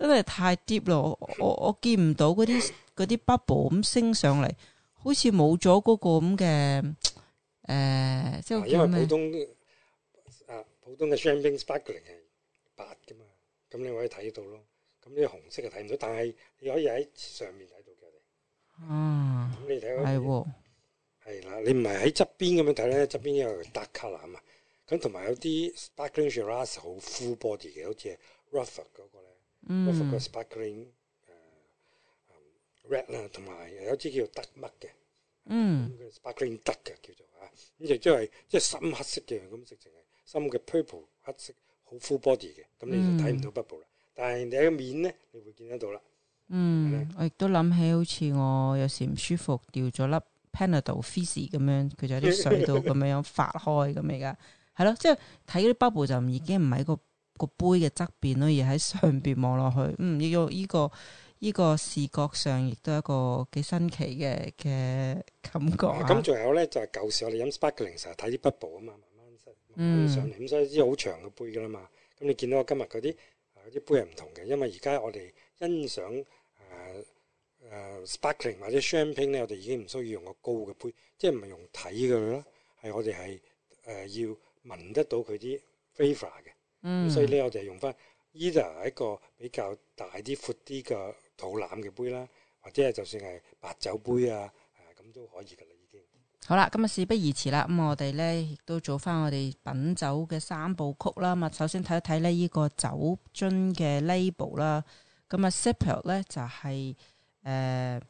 真係太 deep 咯。我我我見唔到嗰啲嗰啲 bubble 咁升上嚟，好似冇咗嗰個咁嘅誒，即、呃、係、啊、因為普通麼啊，普通嘅 Champagne sparkling 係白噶嘛，咁你可以睇到咯。咁呢個紅色就睇唔到，但係你可以喺上面睇到嘅。你，嗯，你係喎，係、哦、啦。你唔係喺側邊咁樣睇咧，側邊有 dark colour 啊。咁同埋有啲 sparkling shiraz 好 full body 嘅，好似 Ralph 嗰個。嗯，red 啦，同埋有，有支叫做 dark 乜嘅， 嗯 s 嘅叫做啊，咁就即係，即係深黑色嘅咁，直情係，深嘅 purple 黑色，好 full body 嘅，咁你就睇唔到 bubble 啦。但係你喺個面咧，你會見得到啦。嗯，嗎我亦都諗起好似我有時唔舒服，掉咗粒 Panadol 度 Fizz 咁樣，佢就喺啲水度咁樣樣發開咁，而家，係 <laughs> 咯，即係睇嗰啲 bubble 就已經唔係個個杯嘅側邊咯，而喺上邊望落去，嗯，亦有依、這個依、這個視覺上亦都一個幾新奇嘅嘅感覺。咁仲、啊、有咧就係、是、舊時我哋飲 sparkling 成日睇啲 bubble 啊嘛，慢慢上嚟咁，嗯、所以啲好長嘅杯噶啦嘛。咁你見到我今日嗰啲啲杯係唔同嘅，因為而家我哋欣賞誒誒、呃呃、sparkling 或者 shamping 咧，我哋已經唔需要用個高嘅杯，即係唔係用睇佢咯？係我哋係誒要聞得到佢啲 flavour 嘅。嗯，所以咧，我哋用翻 ita 係一個比較大啲、闊啲嘅肚腩嘅杯啦，或者係就算係白酒杯啊，咁、啊、都可以噶啦已經。好啦，咁啊，事不宜遲啦，咁我哋咧亦都做翻我哋品酒嘅三部曲啦。咁啊，首先睇一睇呢，呢、就是呃、個酒樽嘅 label 啦。咁啊 Seppelt 咧就係誒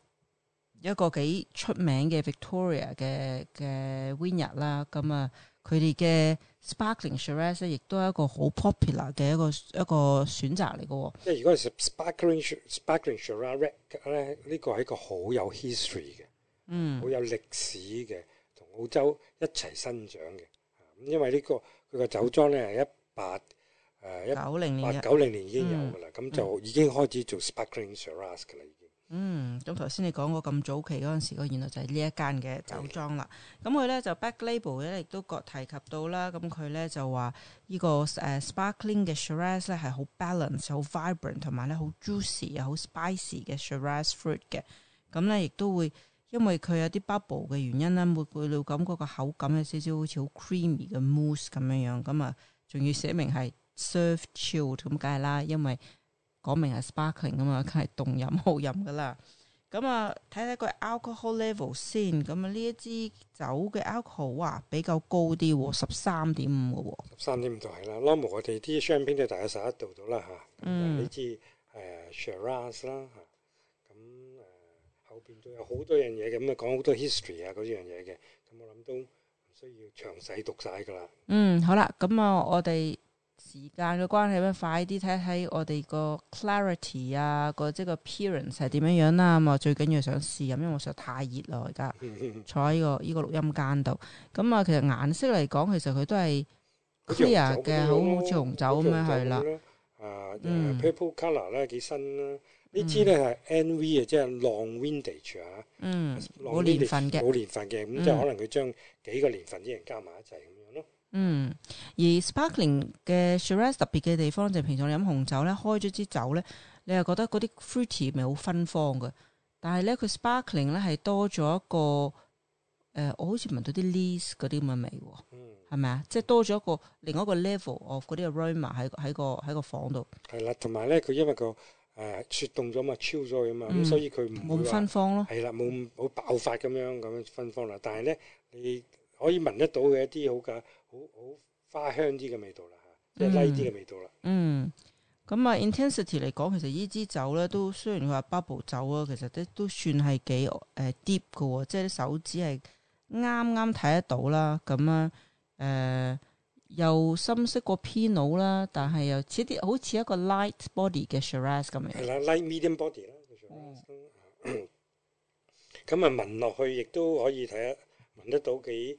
一個幾出名嘅 Victoria 嘅嘅 winery 啦。咁啊。佢哋嘅 sparkling shiraz 亦都係一個好 popular 嘅一個一個選擇嚟嘅、哦。即係如果係 sparkling sparkling shiraz 咧，呢個係一個好有 history 嘅，嗯，好有歷史嘅，同澳洲一齊生長嘅。咁因為呢、呢個佢個酒莊咧係一八誒一八九零年已經有噶啦，咁、嗯、就已經開始做 sparkling shiraz 噶啦。嗯，咁頭先你講過咁早期嗰陣時個原來就係呢一間嘅酒莊啦。咁佢咧就 back label 咧亦都提及到啦。咁佢咧就話、這個 uh, 呢個誒 sparkling 嘅 Shiraz 咧係好 balanced 好 vibrant 同埋咧好 juicy、好 spicy 嘅 Shiraz fruit 嘅。咁咧亦都會因為佢有啲 bubble 嘅原因啦，會會感覺個口感有少少好似好 creamy 嘅 mousse 咁樣樣。咁啊，仲要寫明係 serve chilled 咁梗係啦，因為。講明係 sparkling 啊嘛，佢係凍飲好飲噶啦。咁啊，睇睇個 alcohol level 先。咁啊，呢一支酒嘅 alcohol 啊比較高啲，十三點五嘅喎。十三點五就係啦。攞埋我哋啲香檳就大概十一度到啦嚇。嗯。呢支誒 shiraz 啦嚇，咁誒後邊都有好多樣嘢嘅，咁啊講好多 history 啊嗰啲樣嘢嘅。咁我諗都唔需要詳細讀曬㗎啦。嗯，好啦，咁啊，我哋。時間嘅關係咧，快啲睇睇我哋個 clarity 啊，個即係個 appearance 係點樣樣啦。咁啊，最緊要想試飲，因為我實在太熱啦而家，坐喺個依個錄音間度。咁、嗯、啊、 <laughs> 嗯，其實顏色嚟講，其實佢都係 clear 嘅，好似紅酒咁樣係啦。啊，purple color 咧幾新啦。呢支咧係 NV 啊，嗯、v，即係 long vintage、嗯、啊。嗯，冇年份嘅，冇年份嘅，咁即係可能佢將幾個年份啲人加埋一齊。嗯，而 sparkling 嘅 Shiraz 特別嘅地方就係平常你飲紅酒咧，開咗支酒咧，你又覺得嗰啲 fruity 味好芬芳嘅。但係咧，佢 sparkling 咧係多咗一個誒、呃，我好似聞到啲 lees 嗰啲咁嘅味，係咪啊？即係多咗一個、嗯、另外一個 level of 嗰啲 aroma 喺喺個喺個房度係啦。同埋咧，佢因為個誒、呃、雪凍咗嘛，超咗啊嘛，咁所以佢冇咁芬芳咯。係啦，冇冇爆發咁樣咁樣芬芳啦。但係咧，你可以聞得到嘅一啲好噶。好好花香啲嘅味道啦，即係 light 啲嘅味道啦。嗯，咁啊，intensity 嚟講，其實呢支酒咧都雖然佢話 bubble 酒啊，其實都都算係幾誒 deep 嘅，即係啲手指係啱啱睇得到啦。咁啊，誒又深色過 pinot 啦，但係又似啲好似一個 light body 嘅 shiraz 咁樣。係啦，light medium body 啦。咁啊，聞落去亦都可以睇下聞得到幾。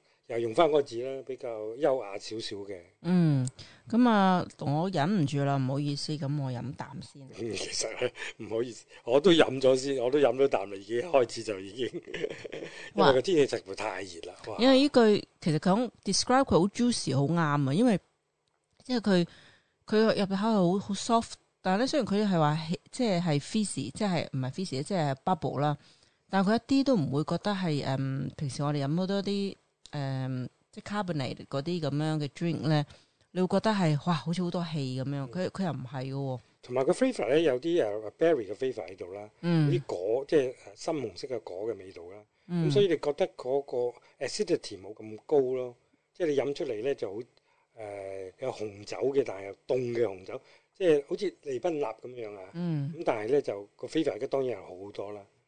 又用翻嗰個字啦，比較優雅少少嘅。嗯，咁啊，我忍唔住啦，唔好意思，咁我飲啖先、嗯。其實唔好意思，我都飲咗先，我都飲咗啖啦，已經開始就已經哇，因為個嘩天氣實在太熱啦，因為呢句其實講 describe 佢好 juicy 好啱啊，因為即係佢佢入口係好好 soft，但係咧雖然佢係話即係係 fizzy，即係唔係 fizzy，即係 bubble 啦，但係佢一啲都唔會覺得係誒、嗯。平時我哋飲好多啲。誒、嗯，即係 carbonate 嗰啲咁樣嘅 drink 咧，你會覺得係哇，好似好多氣咁樣。佢佢、嗯、又唔係嘅喎。同埋個 flavour 咧，有啲誒、啊、berry 嘅 flavour 喺度啦，啲、嗯、果即係深紅色嘅果嘅味道啦。咁、嗯嗯、所以你覺得嗰個 acidity 冇咁高咯，即係你飲出嚟咧就好誒、呃、有紅酒嘅，但係又凍嘅紅酒，即係好似利賓納咁樣啊。咁、嗯、但係咧就個 flavour 當然係好好多啦。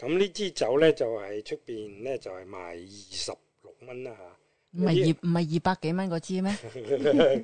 咁呢支酒咧就係出邊咧就係賣二十六蚊啦嚇，唔係二唔係二百幾蚊嗰支咩？咁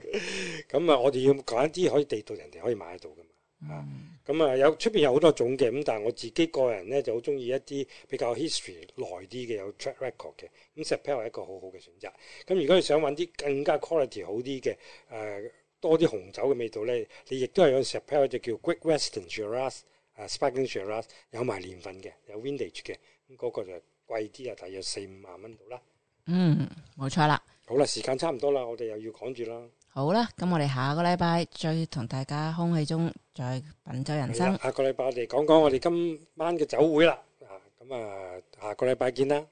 啊、 <laughs> 嗯， <laughs> 我哋要講一啲可以地道，人哋可以買得到噶嘛。啊，咁啊有出邊有好多種嘅，咁但係我自己個人咧就好中意一啲比較 history 耐啲嘅有 track record 嘅，咁 Seppelt 係一個好好嘅選擇。咁如果你想揾啲更加 quality 好啲嘅，誒、呃、多啲紅酒嘅味道咧，你亦都係用 Seppelt 就叫 Great Western Shiraz 啊，Sparkling Shiraz 有埋年份嘅，有 Vintage 嘅，咁嗰個就貴啲啊，大約四五萬蚊到啦。嗯，冇錯啦。好啦，時間差唔多啦，我哋又要講住啦。好啦，咁我哋下個禮拜再同大家空氣中再品酒人生。下個禮拜我哋講講我哋今晚嘅酒會啦。啊，咁啊，下個禮拜見啦。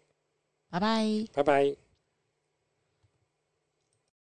拜拜。拜拜。